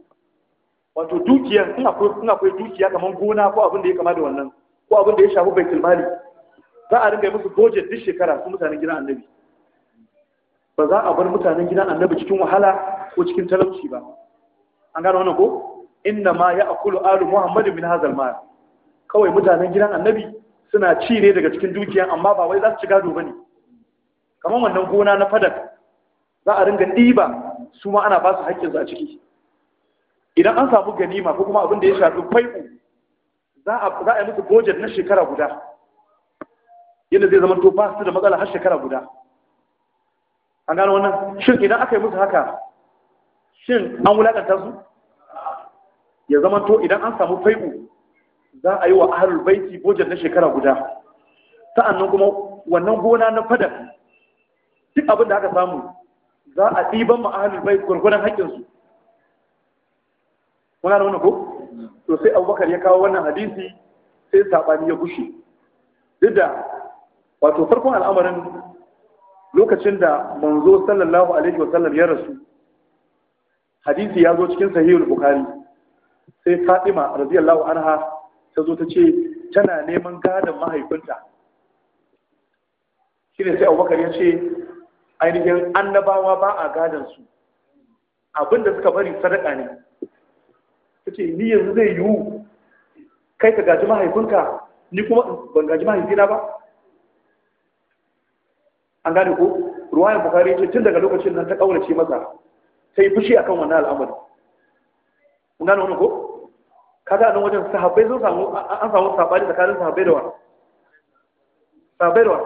wato dukiya in akwai in akwai dukiya kamar gona ko abin da ya kama da wannan ko abin da ya shafi baitul mali za a rinka musu budget duk shekara su mutanen gidan annabi ba za a bar mutanen gidan annabi cikin wahala ko cikin talauci ba an gano wani ko inda ma ya akulu alu muhammadin min hazal ma kawai mutanen gidan annabi suna ci ne daga cikin dukiyan amma ba wai za su ci gado ba ne. kamar wannan gona na fadak za a ringa ɗiba su ma ana ba su haƙƙinsu a ciki idan an samu ganima ko kuma abin da ya shafi fai'u za a yi musu bojet na shekara guda yadda zai zama to ba su da matsala har shekara guda an gano wannan shin idan aka yi musu haka shin an wulakanta su ya zama to idan an samu fai'u za a yi wa ahalul baiti bojan na shekara guda sa'annan kuma wannan gona na fada duk abin da aka samu za a ɗiban ma ahlul baiti gurgurdan haƙƙin kuna da wannan ko to sai abubakar ya kawo wannan hadisi sai saɓani ya gushe duk da wato farkon al'amarin lokacin da manzo sallallahu alaihi wasallam ya rasu hadisi ya zo cikin sahihul bukhari sai fatima radiyallahu anha ta zo ta ce tana neman gadon mahaifinta shine sai abubakar ya ce ainihin annabawa ba a gadon su abinda suka bari sadaka ne ta ce ni yanzu zai yiwu kai ka gaji mahaifinka ni kuma ban gaji mahaifina ba an gane ko ruwayan bukari ce tun daga lokacin nan ta kaurace masa sai fushi akan wannan al'amari mun gane wani ko kaga nan wajen sahabbai sun samu an samu sabani tsakanin sahabbai da wa sahabbai da wa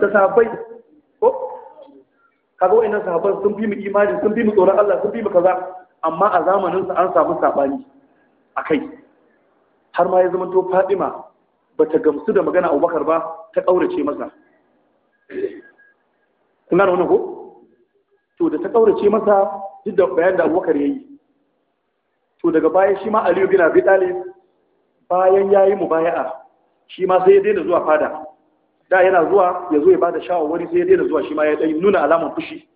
da sahabbai ko kaga wayannan sahabban sun fi mu imani sun fi mu tsoron Allah sun fi mu kaza amma a zamanin sa an samu sabani akai har ma ya zama to Fadima bata gamsu da magana Abubakar ba ta kaurace masa kun gane wani ko to da ta kaurace masa duk da bayan da abubakar ya yi to daga baya shi ma aliyu bin abi talib bayan ya yi mubaya'a shi ma sai ya daina zuwa fada da yana zuwa ya zo ya bada shawarwari sai ya daina zuwa shi ma ya dai nuna alaman fushi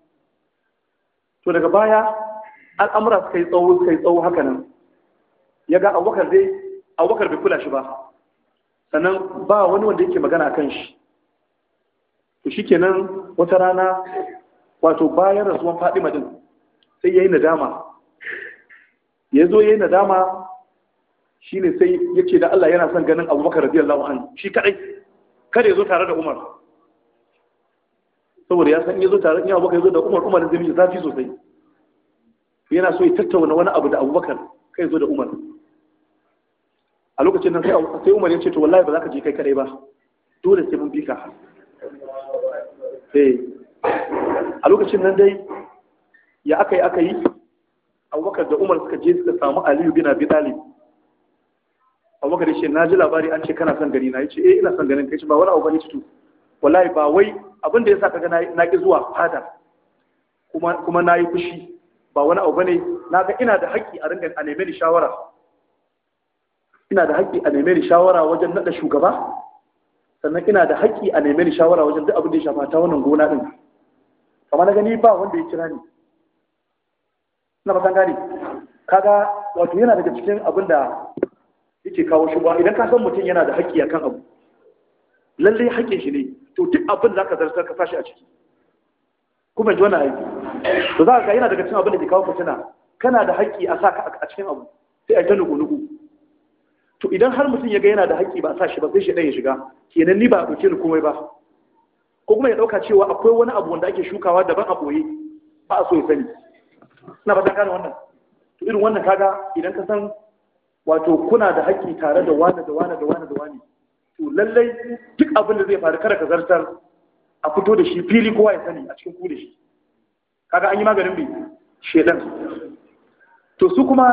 to daga baya al'amura suka yi tsawo suka yi tsawo haka nan ya ga abubakar dai abubakar bai kula shi ba sannan ba wani wanda yake magana kan shi to shikenan wata rana wato bayan rasuwan faɗi din sai ya yi nadama ya zo ya yi nadama shine sai ya ce da Allah yana son ganin Abubakar radiyallahu lawan shi kadai kada ya zo tare da Umar saboda ya san ya zo tare da Abubakar ya zo da Umar Umar zai yi zafi sosai yana so ya tattauna wani abu da Abubakar kai zo da Umar a lokacin nan sai Umar ya ce to wallahi ba za ka je kai kadai ba dole sai mun bi ka eh. a lokacin nan dai ya aka yi aka yi abubakar da umar suka je suka samu aliyu bin abi talib abubakar ya ce na ji labari an ce kana son gari na ya ce eh ina son ganin kai ce ba wani abu bane to wallahi ba wai abin da ya sa kaga na ki zuwa fada kuma kuma na yi fushi ba wani abu bane na ga ina da haƙƙi a ringa a neme ni shawara ina da haƙƙi a neme ni shawara wajen nada shugaba sannan ina da haƙƙi a neme ni shawara wajen duk abin da ya shafa ta wannan gona din kamar na gani ba wanda ya kira ni na ba gane kaga wato yana daga cikin abin da yake kawo shi ba idan ka san mutum yana da haƙƙi akan abu lallai haƙƙin shi ne to duk abin za ka zartar ka fashi a ciki kuma ji wannan aiki to za ka yana daga cikin abin da ke kawo fitina kana da haƙƙi a saka a cikin abu sai a ta nugu-nugu to idan har mutum ya ga yana da haƙƙi ba a sa shi ba sai shi ɗaya shiga kenan ni ba a ɗauke ni komai ba ko kuma ya ɗauka cewa akwai wani abu wanda ake shukawa daban a ɓoye ba a so ya sani ina ba ta gane wannan to irin wannan kaga idan ka san wato kuna da haƙƙi tare da wani da wani da wani da wani to lallai duk abin da zai faru kada ka zartar a fito da shi fili kowa ya sani a cikin ku da shi kaga an yi maganin bi shedan to su kuma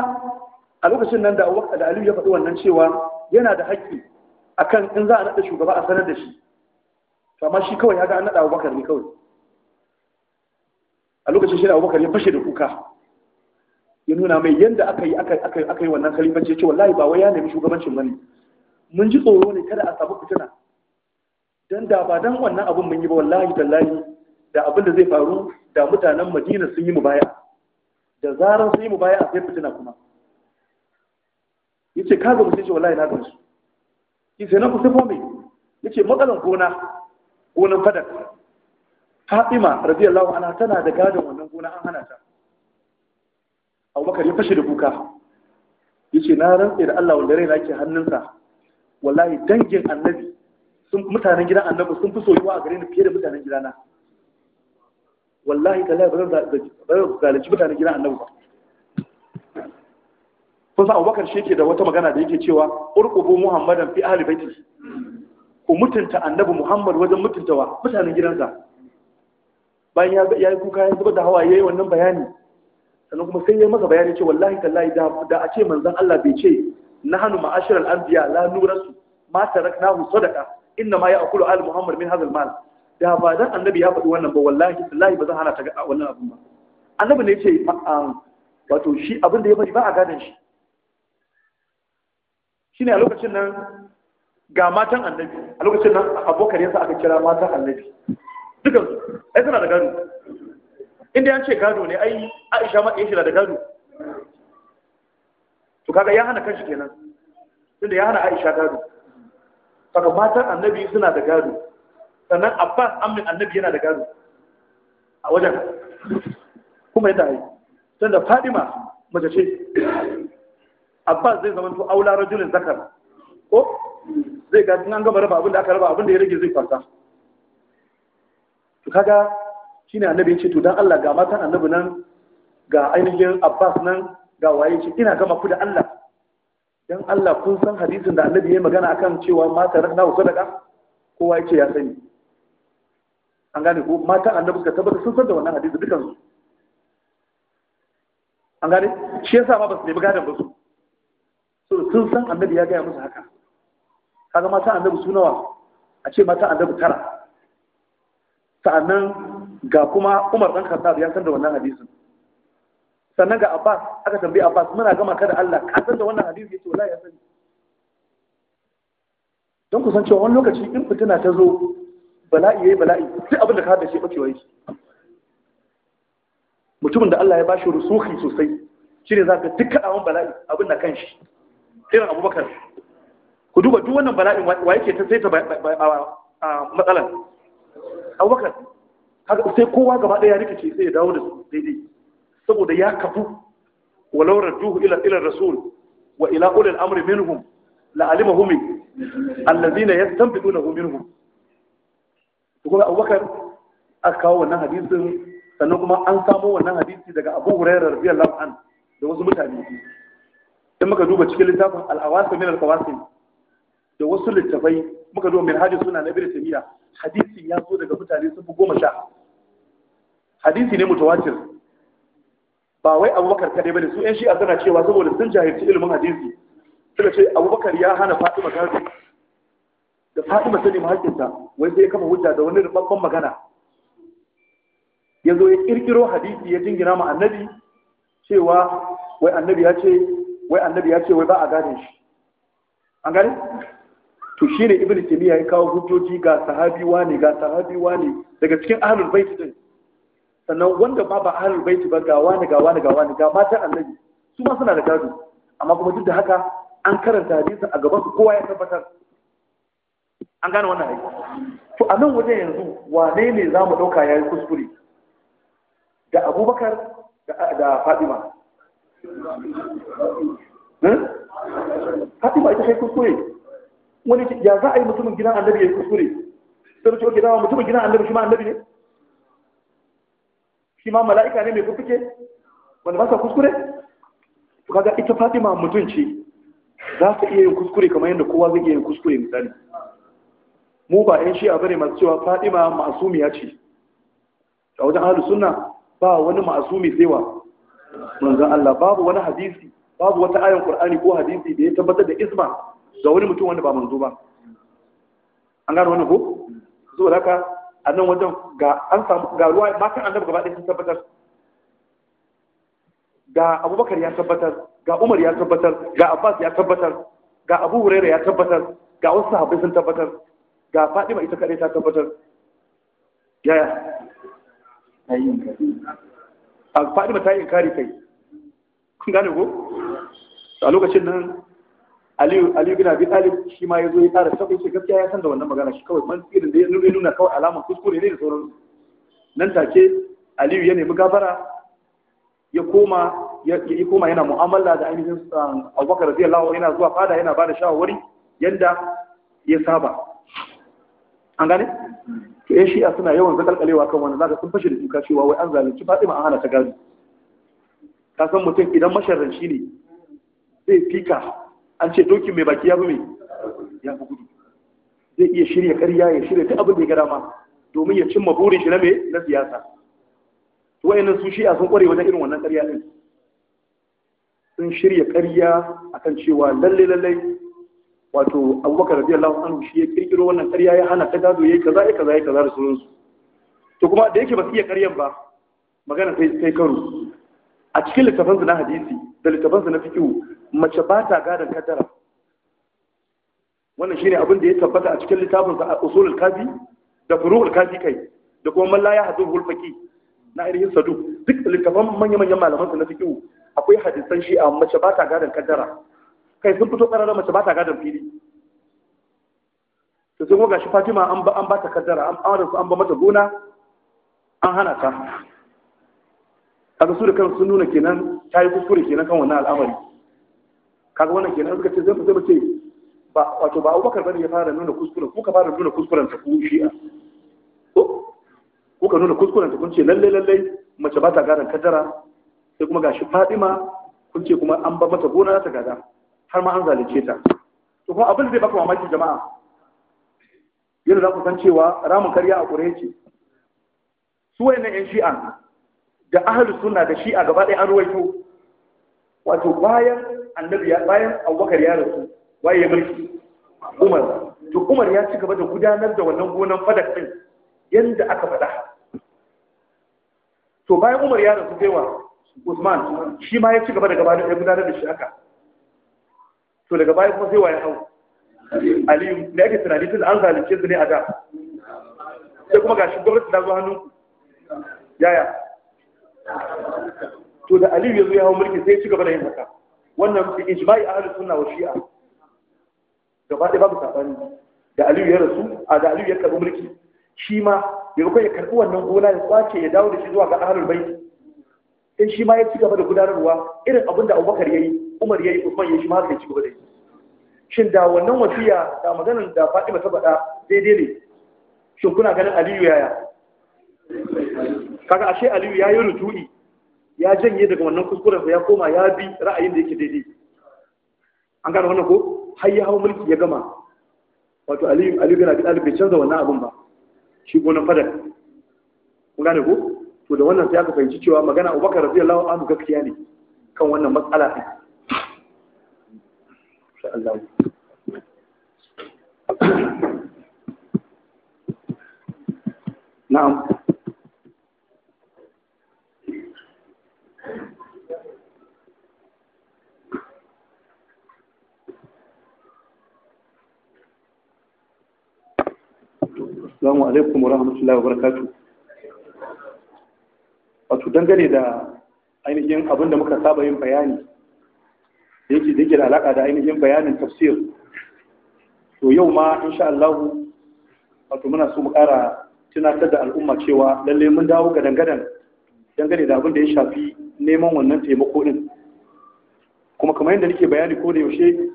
a lokacin nan da da Aliyu ya faɗi wannan cewa yana da haƙƙi akan in za a naɗa shugaba a sanar da shi amma shi kawai ya ga an naɗa bakar ne kawai a lokacin shi da abubakar ya fashe da kuka ya nuna mai yadda aka yi aka yi wannan ya ce wallahi ba wai ya nemi shugabancin mani mun ji tsoro ne kada a samu fitina don da ba dan wannan abin mun yi ba wallahi tallahi da abin da zai faru da mutanen Madina sun yi mu baya da zarar sun yi mu baya a sai fitina kuma Ya yace ka ya ce wallahi na gamsu ce na kusa tafi Ya ce, matsalan gona gonan fadar fatima radiyallahu anha tana da gadon wannan gona an hana ta abubakar ya fashe da kuka yace na rantsa da Allah wanda raina ke hannunsa wallahi dangin annabi sun mutanen gidan annabi sun fi soyuwa a gare ni fiye da mutanen gidana wallahi kallai ba zan zalunci mutanen gidan annabi ba kun san abubakar shi yake da wata magana da yake cewa urqubu muhammadan fi ahli baiti ku mutunta annabi Muhammad wajen mutunta wa mutanen gidansa bayan ya yi kuka ya zuba da hawa ya yi wannan bayani sannan kuma sai ya yi masa bayani ce wallahi tallahi da a ce manzon Allah bai ce nahnu ma'asharal anbiya la nurasu ma taraknahu sadaqa inna ma ya'kulu al Muhammad min hadha al mal da ba dan annabi ya faɗi wannan ba wallahi tallahi ba zan hana ta wannan abin ba annabi ne ce ah, wato shi abin da ya faɗi ba a gadon shi shine a lokacin nan ga matan annabi a lokacin nan abokan yasa aka kira matan annabi dukan su ai suna da gado inda yan ce gado ne ai aisha ma shi da gado to kaga ya hana kanshi kenan tunda ya hana aisha gado kaga matan annabi suna da gado sannan abbas ammin annabi yana da gado a wajen kuma yadda ai tunda fadima mace ce abbas zai zama to aula rajulin zakar ko zai ga an gama raba abin da aka raba abin da ya rage zai kwanta to kaga shine annabi ce to dan Allah ga matan annabi nan ga ainihin Abbas nan ga waye ce ina gama ku da Allah dan Allah kun san hadisin da annabi ya magana akan cewa mata na sadaka kowa yake ya sani an gane ko matan annabi suka tabbata sun san da wannan hadisi dukan su an gane shi yasa ma ba su nemi gadon ba su sun san annabi ya gaya musu haka kaga matan annabi su nawa a ce matan annabi tara sa'annan ga kuma Umar dan Khattab ya san da wannan hadisin sannan ga Abbas aka tambayi Abbas muna gama kada Allah ka san da wannan hadisi yace wallahi ya sani don ku san cewa wani lokaci in fitina ta zo bala'i yayi bala'i sai abin da ka hada shi bakewa yake mutumin da Allah ya bashi rusuhi sosai shine zaka dukkan awon bala'i abin na kan shi irin Abubakar ku duba duk wannan bala'in wa yake ta sai ta matsalan abubakar sai kowa gaba ɗaya ce sai ya dawo da su daidai saboda ya kafu walau duhu ila ilar rasul wa ila ulil amri minhum la alimahum allazina yastanbidunahu minhum to kuma abubakar a kawo wannan hadisin sannan kuma an samo wannan hadisi daga abu hurairar radiyallahu an da wasu mutane in muka duba cikin littafin al min al da wasu littafai muka zo minhajin suna na birnin taymiya hadisin ya zo daga mutane sun fi goma sha hadisi ne mutawatir ba wai abubakar kadai bane su yan a suna cewa saboda sun jahilci ilimin hadisi suka ce abubakar ya hana fatima gado da fatima ta nemi wai sai ya kama hujja da wani rubabban magana ya zo ya kirkiro hadisi ya jingina ma annabi cewa wai annabi ya ce wai annabi ya ce wai ba a gane shi an gane to shi ne ibn taymiya ya kawo hujjoji ga sahabi ne ga sahabi ne daga cikin ahlul bait din sannan wanda ba ba ahlul bait ba ga wani ga wani ga wani ga mata annabi su ma suna da gado amma kuma duk da haka an karanta hadisi a gaban su kowa ya tabbatar an gane wannan aiki to a nan wajen yanzu wane ne za mu ɗauka ya yi kuskure da abubakar da fadima hmm? fatima ita kai kuskure wani ya za a yi mutumin gidan annabi ya kuskure sai ce oke oh, dama mutumin gidan annabi shi ma annabi ne shi ma mala'ika ne mai kuskure wanda ba sa kuskure to kaga ita fatima mutum ce za ta iya yin kuskure kamar yadda kowa zai iya yin kuskure misali mu ba yan shi'a bane masu cewa fatima ya ce a wajen ahlus sunna ba wani ma'asumi sai wa manzon Allah babu wani hadisi babu wata ayan qur'ani ko hadisi da ya tabbatar da isma ga wani mutum wanda ba manzo ba an gano wani ko da ka a nan wajen ga an samu ga ruwa matan annabi gaba ɗaya sun tabbatar ga abubakar ya tabbatar ga umar ya tabbatar ga abbas ya tabbatar ga abu huraira ya tabbatar ga wasu sahabbai sun tabbatar ga fadima ita kaɗai ta tabbatar yaya a fadima ta yi inkari kai kun gane ko a lokacin nan aliyu bin abi talib shi ma ya zo ya tara sabai ce gaskiya ya san da wannan magana shi kawai man irin da ya nuna kawai alamar kuskure ne da sauran nan take aliyu ya nemi gafara ya koma ya koma yana mu'amala da ainihin um, abubakar radiyallahu yana zuwa fada yana bada shawarwari yanda ya saba an gane to shi a suna yawan zakalkalewa kan wani zaka sun fashe da duka cewa wai an zalunci fatima an hana ta gari. ka san mutum idan masharranci ne zai fika an ce dokin mai baki ya fi mai ya fi gudu zai iya shirya karya ya shirya ta abin da ya gara ma domin ya cimma burin shi na mai na siyasa wayannan su shi shi'a sun kware wajen irin wannan karya din sun shirya karya akan cewa lalle lalle wato abubakar radiyallahu anhu shi ya kirkiro wannan karya ya hana ta gado ya yi kaza ya kaza ya kaza da sauransu to kuma da yake ba su iya karyan ba magana sai sai karo a cikin littafansu na hadisi da littafansu na fiqh mace ba ta gadon kaddara wannan shine abin da ya tabbata a cikin littafin sa usulul kafi da furu'ul kafi kai da kuma man la yahdhurul faqih na irin sadu duk littafan manyan manyan malaman sa na fiqh akwai hadisan shi a mace ba ta gadon kaddara kai sun fito karara mace ba ta gadon fili to sai kuma gashi Fatima an ba an ba ta kaddara an aure su an ba mata gona an hana ta kaga su da kansu sun nuna kenan ta yi kuskure kenan kan wannan al'amari kaga wannan kenan suka ce zai mu ce ba wato ba Abubakar bane ya fara nuna kuskuren kuka fara nuna kuskuren ta ku shi'a ko kuka nuna kuskuren ta kun ce lalle lalle mace ba ta gadan kadara sai kuma gashi Fatima kun ce kuma an ba mata gona ta gada har ma an zalunce ta to kuma abin da zai baka mamaki jama'a yadda za ku san cewa ramin karya a ƙure ce su wayannan yan shi'a da ahlus sunna da shi'a gaba ɗaya an ruwaito wato bayan annabi bayan abubakar ya rasu waye ya mulki umar to umar ya ci gaba da gudanar da wannan gonan fadak din yadda aka fada to bayan umar ya rasu kaiwa usman shi ma ya ci gaba da gabatar da gudanar da shi haka to daga baya kuma sai waye hau aliyu da yake tunani tun an zalunce su ne a da sai kuma gashi gwamnati ta zo hannun yaya to da aliyu ya zo ya hau mulki sai ci gaba da yin haka wannan bi ijma'i ahlus sunna wa shi'a gaba ɗaya babu sabani da aliyu ya rasu a da aliyu ya karbi mulki shi ma ya maimakon ya karbi wannan gona ya kwace ya dawo da shi zuwa ga ahlul bait sai shi ma ya ci gaba da gudanarwa irin abin da abubakar ya yi umar ya yi usman ya shi ma haka ya ci gaba da yi shin da wannan wasiya da maganar da fatima ta faɗa daidai ne shin kuna ganin aliyu yaya kaga ashe aliyu ya yi rutu'i ya janye daga wannan kuskuren ya koma ya bi ra'ayin da yake daidai an gane wannan ko har ya hau mulki ya gama wato aliyu aliyu bin abi talib bai canza wannan abun ba shi gonan fadar kun gane ko to da wannan sai aka fahimci cewa magana abubakar radiyallahu anhu gaskiya ne kan wannan matsala din insha Allah na'am Assalamu alaikum wa rahmatullahi wa barakatu. Wato dangane da ainihin abin da muka saba yin bayani da yake da alaka da ainihin bayanin tafsir. To yau ma insha Allah wato muna so mu ƙara tunatar da al'umma cewa lalle mun dawo ga dangadan dangane da abin da ya shafi neman wannan taimako din. Kuma kamar yadda nake bayani ko da yaushe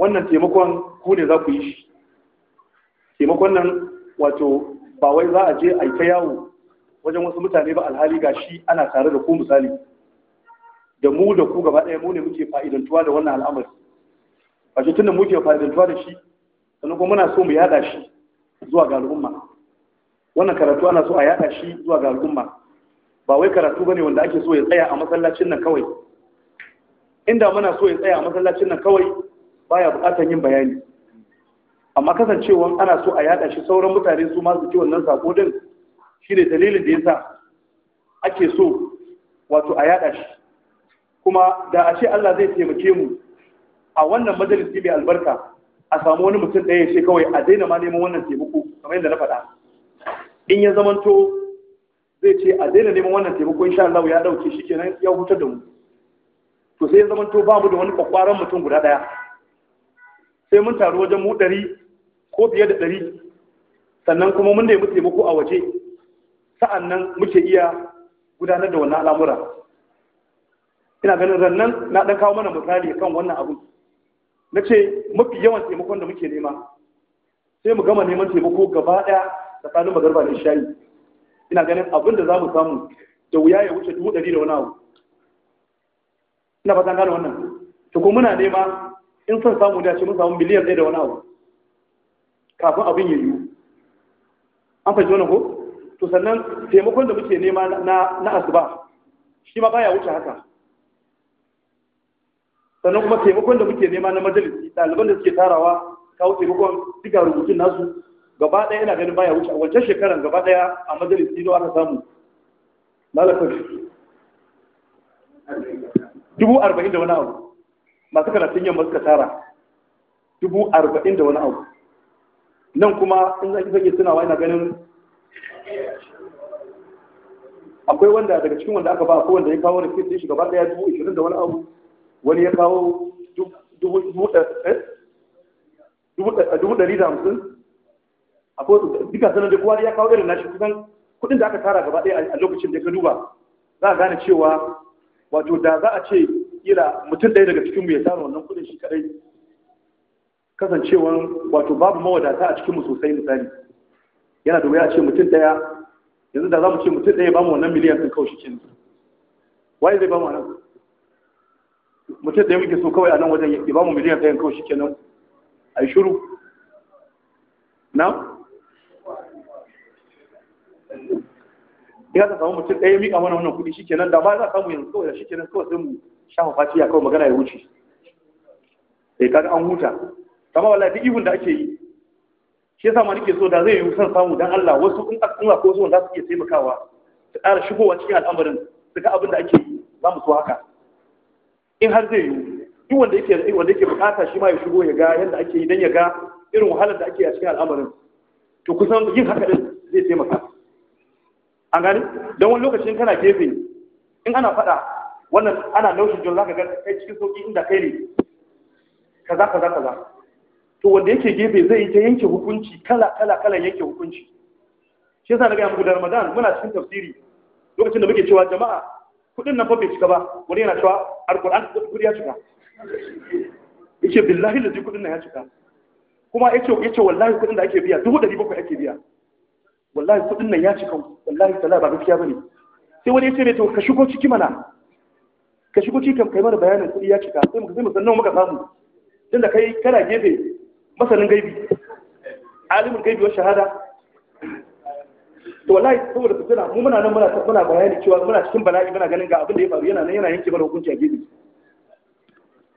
wannan taimakon ku ne za ku yi shi. Taimakon nan wato ba wai za a je a yi ta yawo wajen wasu mutane ba alhali ga shi ana tare da ku misali da mu da ku gaba ɗaya mu ne muke fa'idantuwa da wannan al'amari ba shi tunda muke fa'idantuwa da shi sannan kuma muna so mu yada shi zuwa ga al'umma wannan karatu ana so a yada shi zuwa ga al'umma ba wai karatu bane wanda ake so ya tsaya a masallacin nan kawai inda muna so ya tsaya a masallacin nan kawai baya buƙatar yin bayani amma kasancewa ana so a yada shi sauran mutane su ma su ci wannan sako din shine dalilin da yasa ake so wato a yada shi kuma da a ce Allah zai taimake mu a wannan majalisi mai albarka a samu wani mutum ɗaya ce kawai a daina ma neman wannan taimako kamar yadda na faɗa in ya zamanto zai ce a daina neman wannan taimako insha Allah ya dauke shi kenan ya hutar da mu to sai ya zamanto ba mu da wani kwakwaran mutum guda ɗaya sai mun taru wajen mu ɗari ko fiye da ɗari sannan kuma mun nemi taimako a waje sa'annan muke iya gudanar da wannan al'amura ina ganin rannan na ɗan kawo mana misali kan wannan abu na ce mafi yawan taimakon da muke nema sai mu gama neman taimako gaba ɗaya tsakanin magarba da shayi ina ganin abin da za mu samu da wuya ya wuce dubu ɗari da wani abu ina fatan gane wannan to ko muna nema in son samu da ce mun samu miliyan ɗaya da wani abu kafin abin ya yiwu an fahimci wannan ko to sannan taimakon da muke nema na asuba shi ma baya wuce haka sannan kuma taimakon da muke nema na majalisi ɗaliban da suke tarawa kawo taimakon duka rubutun nasu gaba ɗaya yana ganin baya wuce a wancan shekaran gaba ɗaya a majalisi nawa aka samu lalakar dubu arba'in da wani abu masu karatun yamma suka tara dubu arba'in da wani abu nan kuma in zan iya tunawa ina ganin akwai wanda daga cikin wanda aka ba ko wanda ya kawo receipt din shi gaba daya dubu ishirin da wani abu wani ya kawo eh, eh, eh, dubu ɗari da hamsin akwai duka sanar da kowa ya kawo irin nashi kusan kuɗin da aka tara gaba ɗaya a lokacin da ka duba za a gane cewa wato da za a ce kira mutum ɗaya daga cikinmu ya tara wannan kuɗin shi kaɗai Kasancewa wato babu mawadata a cikinmu sosai misali yana da wuya a ce mutum ɗaya yanzu da za mu ce mutum ɗaya ba mu wannan miliyan sun kawo shi kenan waye zai ba mu nan mutum ɗaya muke so kawai a nan wajen ya ba mu miliyan ɗayan kawo shi kenan a yi shuru na ya ta samu mutum ɗaya mika mana wannan kudi shi kenan da ba za a samu yanzu kawai shi kenan kawai sai mu shafa fatiya kawai magana ya wuce sai eh, kaga an huta kama wallahi duk ibun da ake yi shi yasa ma nake so da zai yi san samu dan Allah wasu in aka kuma ko so za su iya taimakawa su ƙara shigowa cikin al'amarin su ga abin da ake yi za mu so haka in har zai yi duk wanda yake wanda yake bukata shi ma ya shigo ya ga yadda ake yi dan ya ga irin wahalar da ake a cikin al'amarin to kusan yin haka din zai taimaka an gani don wani lokacin kana gefe in ana faɗa wannan ana laushin jin zaka ga kai cikin sauki inda kai ne kaza kaza kaza to wanda yake gefe zai yi ta yanke hukunci kala kala kala yanke hukunci shi yasa daga yamma, muku da ramadan muna cikin tafsiri lokacin da muke cewa jama'a kudin nan fa bai cika ba wani yana cewa alquran kudi ya cika yake billahi da kudin nan ya cika kuma yace yake wallahi kudin da ake biya dubu ɗari bakwai ake biya wallahi kudin nan ya cika wallahi sallah ba gaskiya bane sai wani yace ne to ka shigo ciki mana ka shigo ciki kan kai mana bayanin kudi ya cika sai mu sai mu san nawa muka samu tunda kai kana gefe masanin gaibi alimin gaibi wa shahada to wallahi saboda fitina mu muna nan muna muna bayani cewa muna cikin bala'i muna ganin ga abin da ya faru yana nan yana yanke mana hukunci a gefe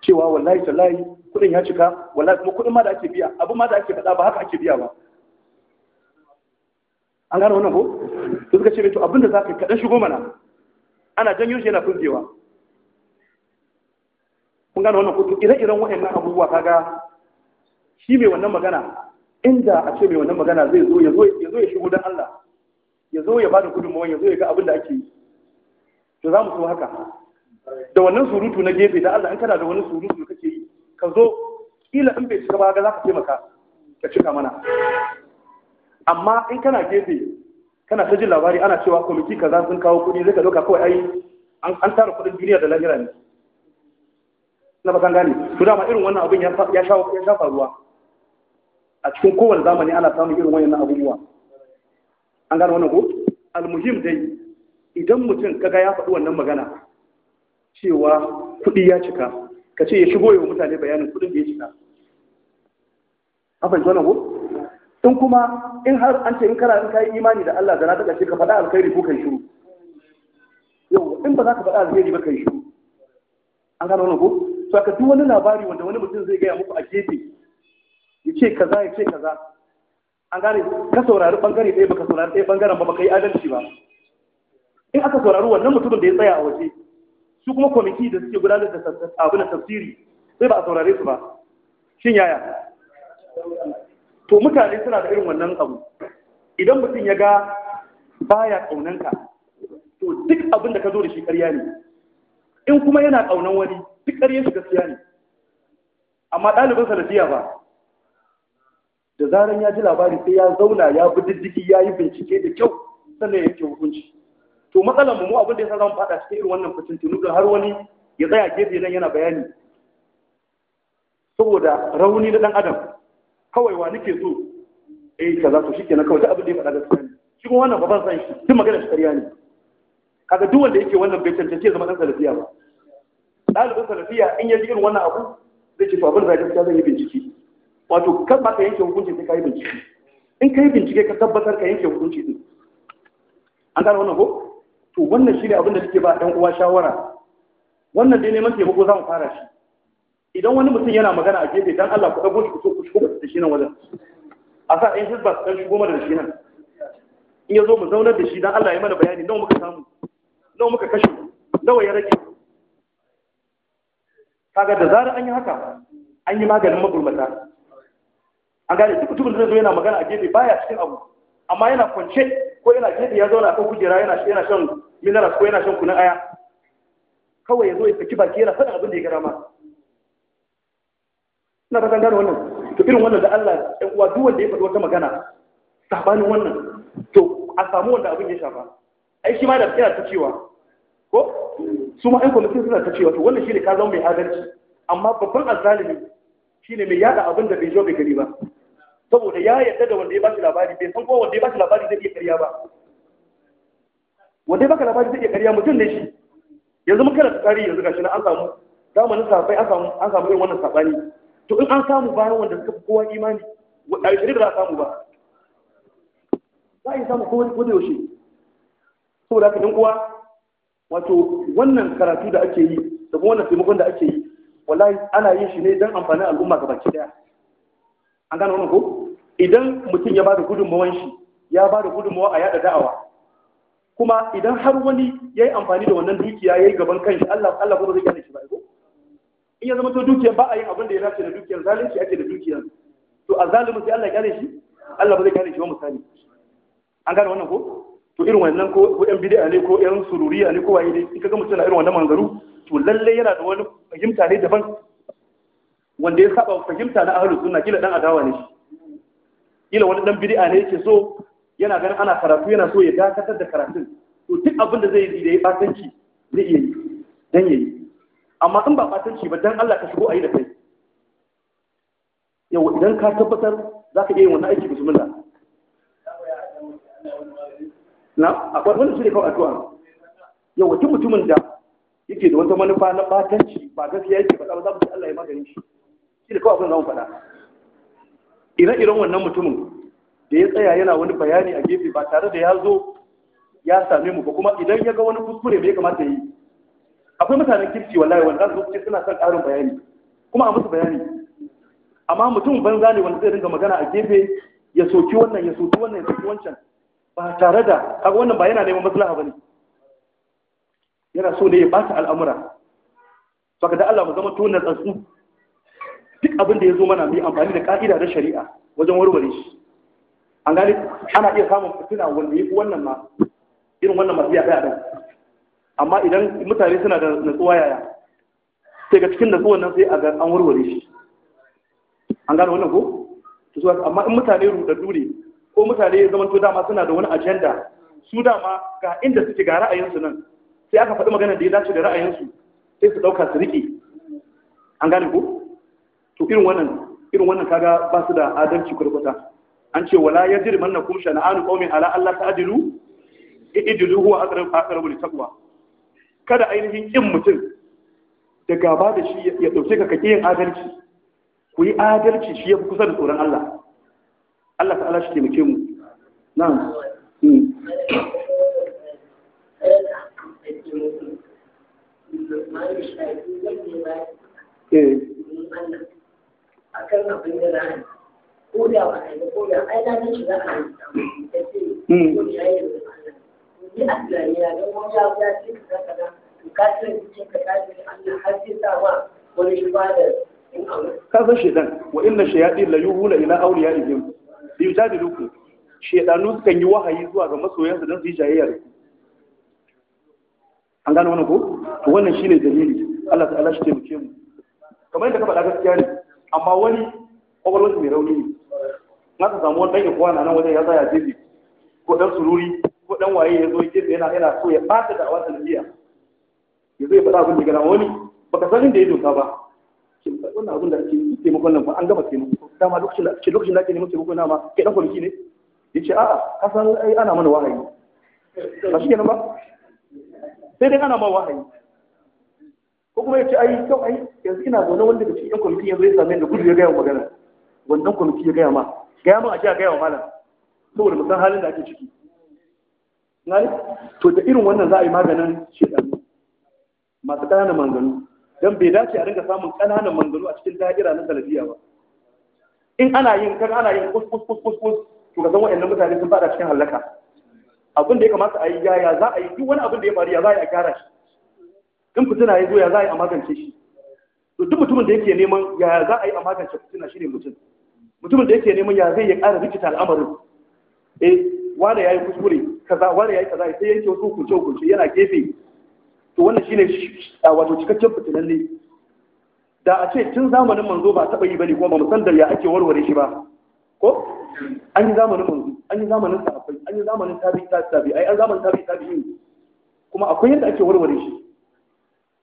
cewa wallahi tallahi kudin ya cika wallahi kuma kudin ma da ake biya abin ma da ake faɗa ba haka ake biya ba an gano wannan ko to suka ce to abin da za ka kaɗan shigo mana ana janyo shi yana kunjewa kun gano wannan ko to ire-iren waɗannan abubuwa kaga shi mai wannan magana inda a ce mai wannan magana zai zo ya zo ya shigo dan Allah ya zo ya bada gudunmawa ya zo ya ga abin da ake yi to za mu so haka da wannan surutu na gefe da Allah in kana da wani surutu kake yi ka zo kila in bai cika ba ga za ka taimaka ka cika mana amma in kana gefe kana ta jin labari ana cewa komiti kaza sun kawo kuɗi zai ka ɗauka kawai ai an tara kuɗin duniya da lahira ne na bakan gane to dama irin wannan abin ya shafa ruwa a cikin kowane zamani ana samun irin na abubuwa an gane wani ko almuhim dai idan mutum kaga ya faɗi wannan magana cewa kuɗi ya cika ka ce ya shigo yawa mutane bayanin kuɗin da ya cika an fahimci ko in kuma in har an ce in kana in kayi imani da Allah da na daga ce ka faɗa alkhairi ko kai shiru yau in ba za ka faɗa alkhairi ba kai shiru an gano wani ko to duk wani labari wanda wani mutum zai gaya muku a gefe Yace ce kaza ya ce kaza an gane ka saurari bangare ɗaya baka saurari ɗaya bangaren ba baka yi adalci ba in aka saurari wannan mutumin da ya tsaya a waje su kuma kwamiti da suke gudanar da na tafsiri sai ba a saurare su ba shin yaya to mutane suna da irin wannan abu idan mutum ya ga baya ka to duk abin da ka zo da shi ƙarya ne in kuma yana kaunan wani duk ƙarya shi gaskiya ne amma ɗalibin sanadiyya ba da zaran ya ji labari sai ya zauna ya bi diddiki ya yi bincike da kyau sannan ya yanke hukunci to matsalar mu abin da ya sa zamu faɗa cikin irin wannan fitintunu da har wani ya tsaya gefe nan yana bayani saboda rauni na dan adam kawai wa nake so eh kaza to na kawai abin da ya faɗa gaskiya ne shi kuma wannan baban san shi duk magana shi ƙarya ne kaga duk wanda yake wannan bai tantance ya zama dan salafiya ba ɗalibin salafiya in ya ji irin wannan abu zai ce to abin da zai gaskiya zan yi bincike wato kan ba ka yanke hukunci sai ka yi bincike in ka yi bincike ka tabbatar ka yanke hukunci din an gane wannan ko to wannan shine abin da take ba ɗan uwa shawara wannan dai neman taimako za mu fara shi idan wani mutum yana magana a gefe dan Allah ku dago shi ku so ku shigo da shi nan wajen a sa ɗan hisba su ɗan shigo mana da shi nan in ya zo mu zaunar da shi dan Allah ya mana bayani nawa muka samu nawa muka kashe nawa ya rage kaga da zarar an yi haka an yi maganin magulmata an gane duk mutumin zai zo yana magana a gefe baya cikin abu amma yana kwance ko yana gefe ya zauna kan kujera yana yana shan minerals ko yana shan kunun aya kawai ya zo ya saki baki yana faɗin abin da ya gara ma ina fatan gane wannan to irin wannan da Allah ɗan uwa duk wanda ya faɗi wata magana sabanin wannan to a samu wanda abin ya shafa ai shi ma da yana ta cewa ko su ma ai kwamitin suna ta cewa to wannan shine ka zama mai adalci amma babban azzalimi shine mai yada abin da bai zo bai gari ba saboda ya yarda da wanda ya bashi labari bai san ko wanda ya bashi labari zai iya karya ba wanda ya baka labari zai iya karya mutum ne shi yanzu mun kana tsari yanzu gashi na an samu zamanin safai an samu an samu irin wannan sabani to in an samu bayan wanda suka fi kowa imani a shirin da za a samu ba za a yi samu kowa ko da yaushe saboda haka ɗan uwa wato wannan karatu da ake yi da kuma wannan taimakon da ake yi wallahi ana yin shi ne don amfanin al'umma gabaki daya an gano wannan ko idan mutum ya bada gudunmawan shi ya bada gudunmawa a yada da'awa kuma idan har wani ya yi amfani da wannan dukiya ya yi gaban kanshi Allah Allah ba zai gane shi ba ko in ya zama to dukiyar ba a yin abin da ya dace da dukiyar zalunci ake da dukiyar to a zalimin sai Allah ya gane shi Allah ba zai gane shi ba misali an gane wannan ko to irin wannan ko ko yan bid'a ne ko yan sururiya ne ko waye ne in kaga mutum na irin wannan manzaru to lalle yana da wani fahimta ne daban wanda ya saba fahimta na ahlus sunna kila dan adawa ne kila wani dan bid'a ne yake so yana ganin ana karatu yana so ya dakatar da karatun to duk abin da zai yi da ya batanci zai iya yi dan yayi amma in ba batanci ba dan Allah ka shigo ayi da kai yau idan ka tabbatar zaka iya yin wannan aiki bismillah na akwai wani su ne kawai addu'a yau wata mutumin da yake da wata manufa na batanci ba gaskiya yake ba za mu Allah ya maganin shi shi da kawai abin faɗa idan iren wannan mutumin da ya tsaya yana wani bayani a gefe ba tare da ya zo ya same mu ba kuma idan ya ga wani kuskure mai kamata ya yi akwai mutanen kirki wallahi wanda su ce suna son ƙarin bayani kuma a musu bayani amma mutum banza ne wanda zai dinga magana a gefe ya soki wannan ya soki wannan ya soki wancan ba tare da kaga wannan ba yana neman maslaha bane yana so ne ya bata al'amura saboda da Allah mu zama tunan na tsantsu duk abin da ya zo mana mai amfani da ka'ida da shari'a wajen warware shi an gane ana iya samun fitina wanda ya fi wannan ma irin wannan masu yaɗa yaɗa amma idan mutane suna da natsuwa yaya sai ga cikin natsuwan nan sai a ga an warware shi an gane wannan ko amma in mutane rudaddu ne ko mutane ya zama to dama suna da wani ajanda su dama ga inda suke ga ra'ayinsu nan sai aka faɗi magana da ya dace da ra'ayinsu sai su ɗauka su riƙe an gane ko to irin wannan irin wannan kaga ba su da adalci kurkuta an ce wala yajrimannakum shana'anu qaumin ala alla ta'dilu i'dilu huwa aqrab aqrab li taqwa kada ainihin kin mutum da gaba da shi ya dauke ka kake yin adalci ku yi adalci shi yafi kusa da tsoron Allah Allah ta'ala shi muke mu na'am hmm. Eh. a kan abin da za a yi ko da ba a yi ko da ai na nan shiga a yi ta ce hmm. ko da ya yi da yi ni a tunaniya don wani ya ya ce ka zaka na to ka san ce ka tashi Allah har sai sa wa wani shi ba da ka san shedan wa inna shayatin la yuhuna ila awliyaihim yujadilukum shedanu kan yi wahayi zuwa ga masoyansu don su yi jayayya da an gano wannan ko to wannan shine dalili Allah ta'ala shi taimake mu kamar yadda ka faɗa gaskiya ne amma wani kwakwalwar mai rauni ne na ka samu wani ɗan ikuwa nan wajen ya zaya jeji ko ɗan sururi ko ɗan waye ya zo gefe yana yana so ya ɓata da awar sanadiyya ya zo ya faɗa abin da gana wani baka san inda ya doka ba wannan abin da ake yi taimakon nan ba an gama taimako dama lokacin da ake lokacin da ake neman taimako na ma kai ɗan kwamiti ne ya ce a'a ka san ai ana mana wahayi ba shi kenan ba sai dai ana ma wahayi ko kuma ya ce ai kyau ai yanzu ina zaune wanda da cikin kwamiti yanzu ya same da gudu ya gaya magana wannan kwamiti ya gaya ma gaya ma a a gaya wa malam saboda mu san halin da ake ciki gani to da irin wannan za a yi maganin shekaru masu ƙananan manganu don bai dace a ringa samun ƙananan manganu a cikin da'ira na salafiya ba in ana yin kan ana yin kus kus kus kus kus to ka san wa'annan mutane sun fada cikin halaka abin da ya kamata a yi yaya za a yi duk wani abin da ya faru ya za a yi a gyara shi in fitina ya zo ya za a yi a magance shi to duk mutumin da yake neman ya za a yi a magance fitina ne mutum mutumin da yake neman ya zai ya ƙara rikita al'amarin eh wanda yayi kuskure kaza wanda yayi kaza sai yake wasu hukunce hukunce yana gefe to wannan shine wato cikakken fitinan ne da a ce tun zamanin manzo ba taɓa yi bane kuma ba mu da ya ake warware shi ba ko an yi zamanin manzo an yi zamanin sahabbai an yi zamanin tabi'i tabi'i ai an zamanin tabi'i tabi'i kuma akwai yadda ake warware shi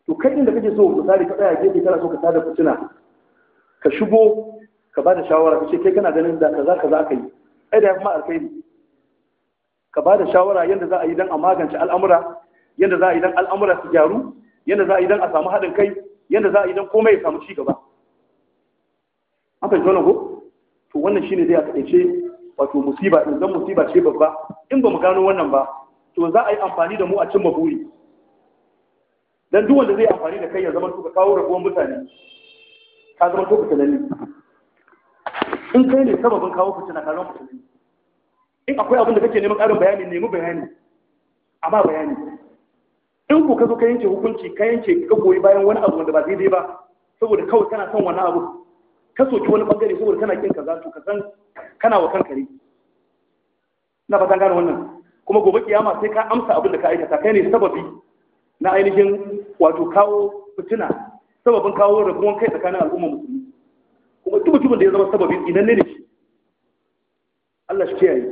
to kai inda kake so tsare ka tsaya gefe kana so ka tada fitina ka shigo ka ba da shawara ka ce kai kana ganin da kaza kaza aka yi ai da ya kuma ne ka ba da shawara yadda za a yi dan a magance al'amura yadda za a yi dan al'amura su gyaru yadda za a yi dan a samu haɗin kai yadda za a yi dan komai ya samu ci gaba an fahimci wannan ko to wannan shine dai a taƙaice wato musiba din dan musiba ce babba in ba mu gano wannan ba to za a yi amfani da mu a cimma buri dan duk wanda zai amfani da kai ya zama ka kawo rabuwan mutane ka zama to fitinanni in kai ne sababin kawo fitina ka zama fitinanni in akwai abin da kake neman ƙarin bayani nemi bayani amma bayani in ku ka zo ka yanke hukunci ka yanke ka goyi bayan wani abu wanda ba daidai ba saboda kawai kana son wani abu ka soki wani bangare saboda kana kin kaza to ka san kana wa kanka ne na ba gane wannan kuma gobe kiyama sai ka amsa abin da ka aikata kai ne sababi na ainihin wato kawo fitina sababin kawo rabuwan kai tsakanin al'umma musulmi kuma duk mutumin da ya zama sababin inan ne shi Allah shi kiyaye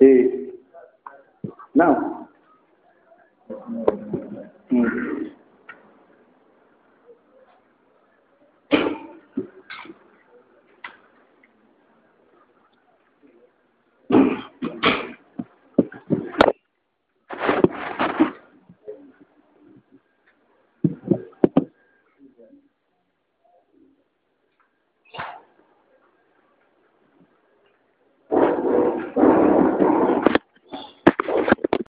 eh na'am hmm.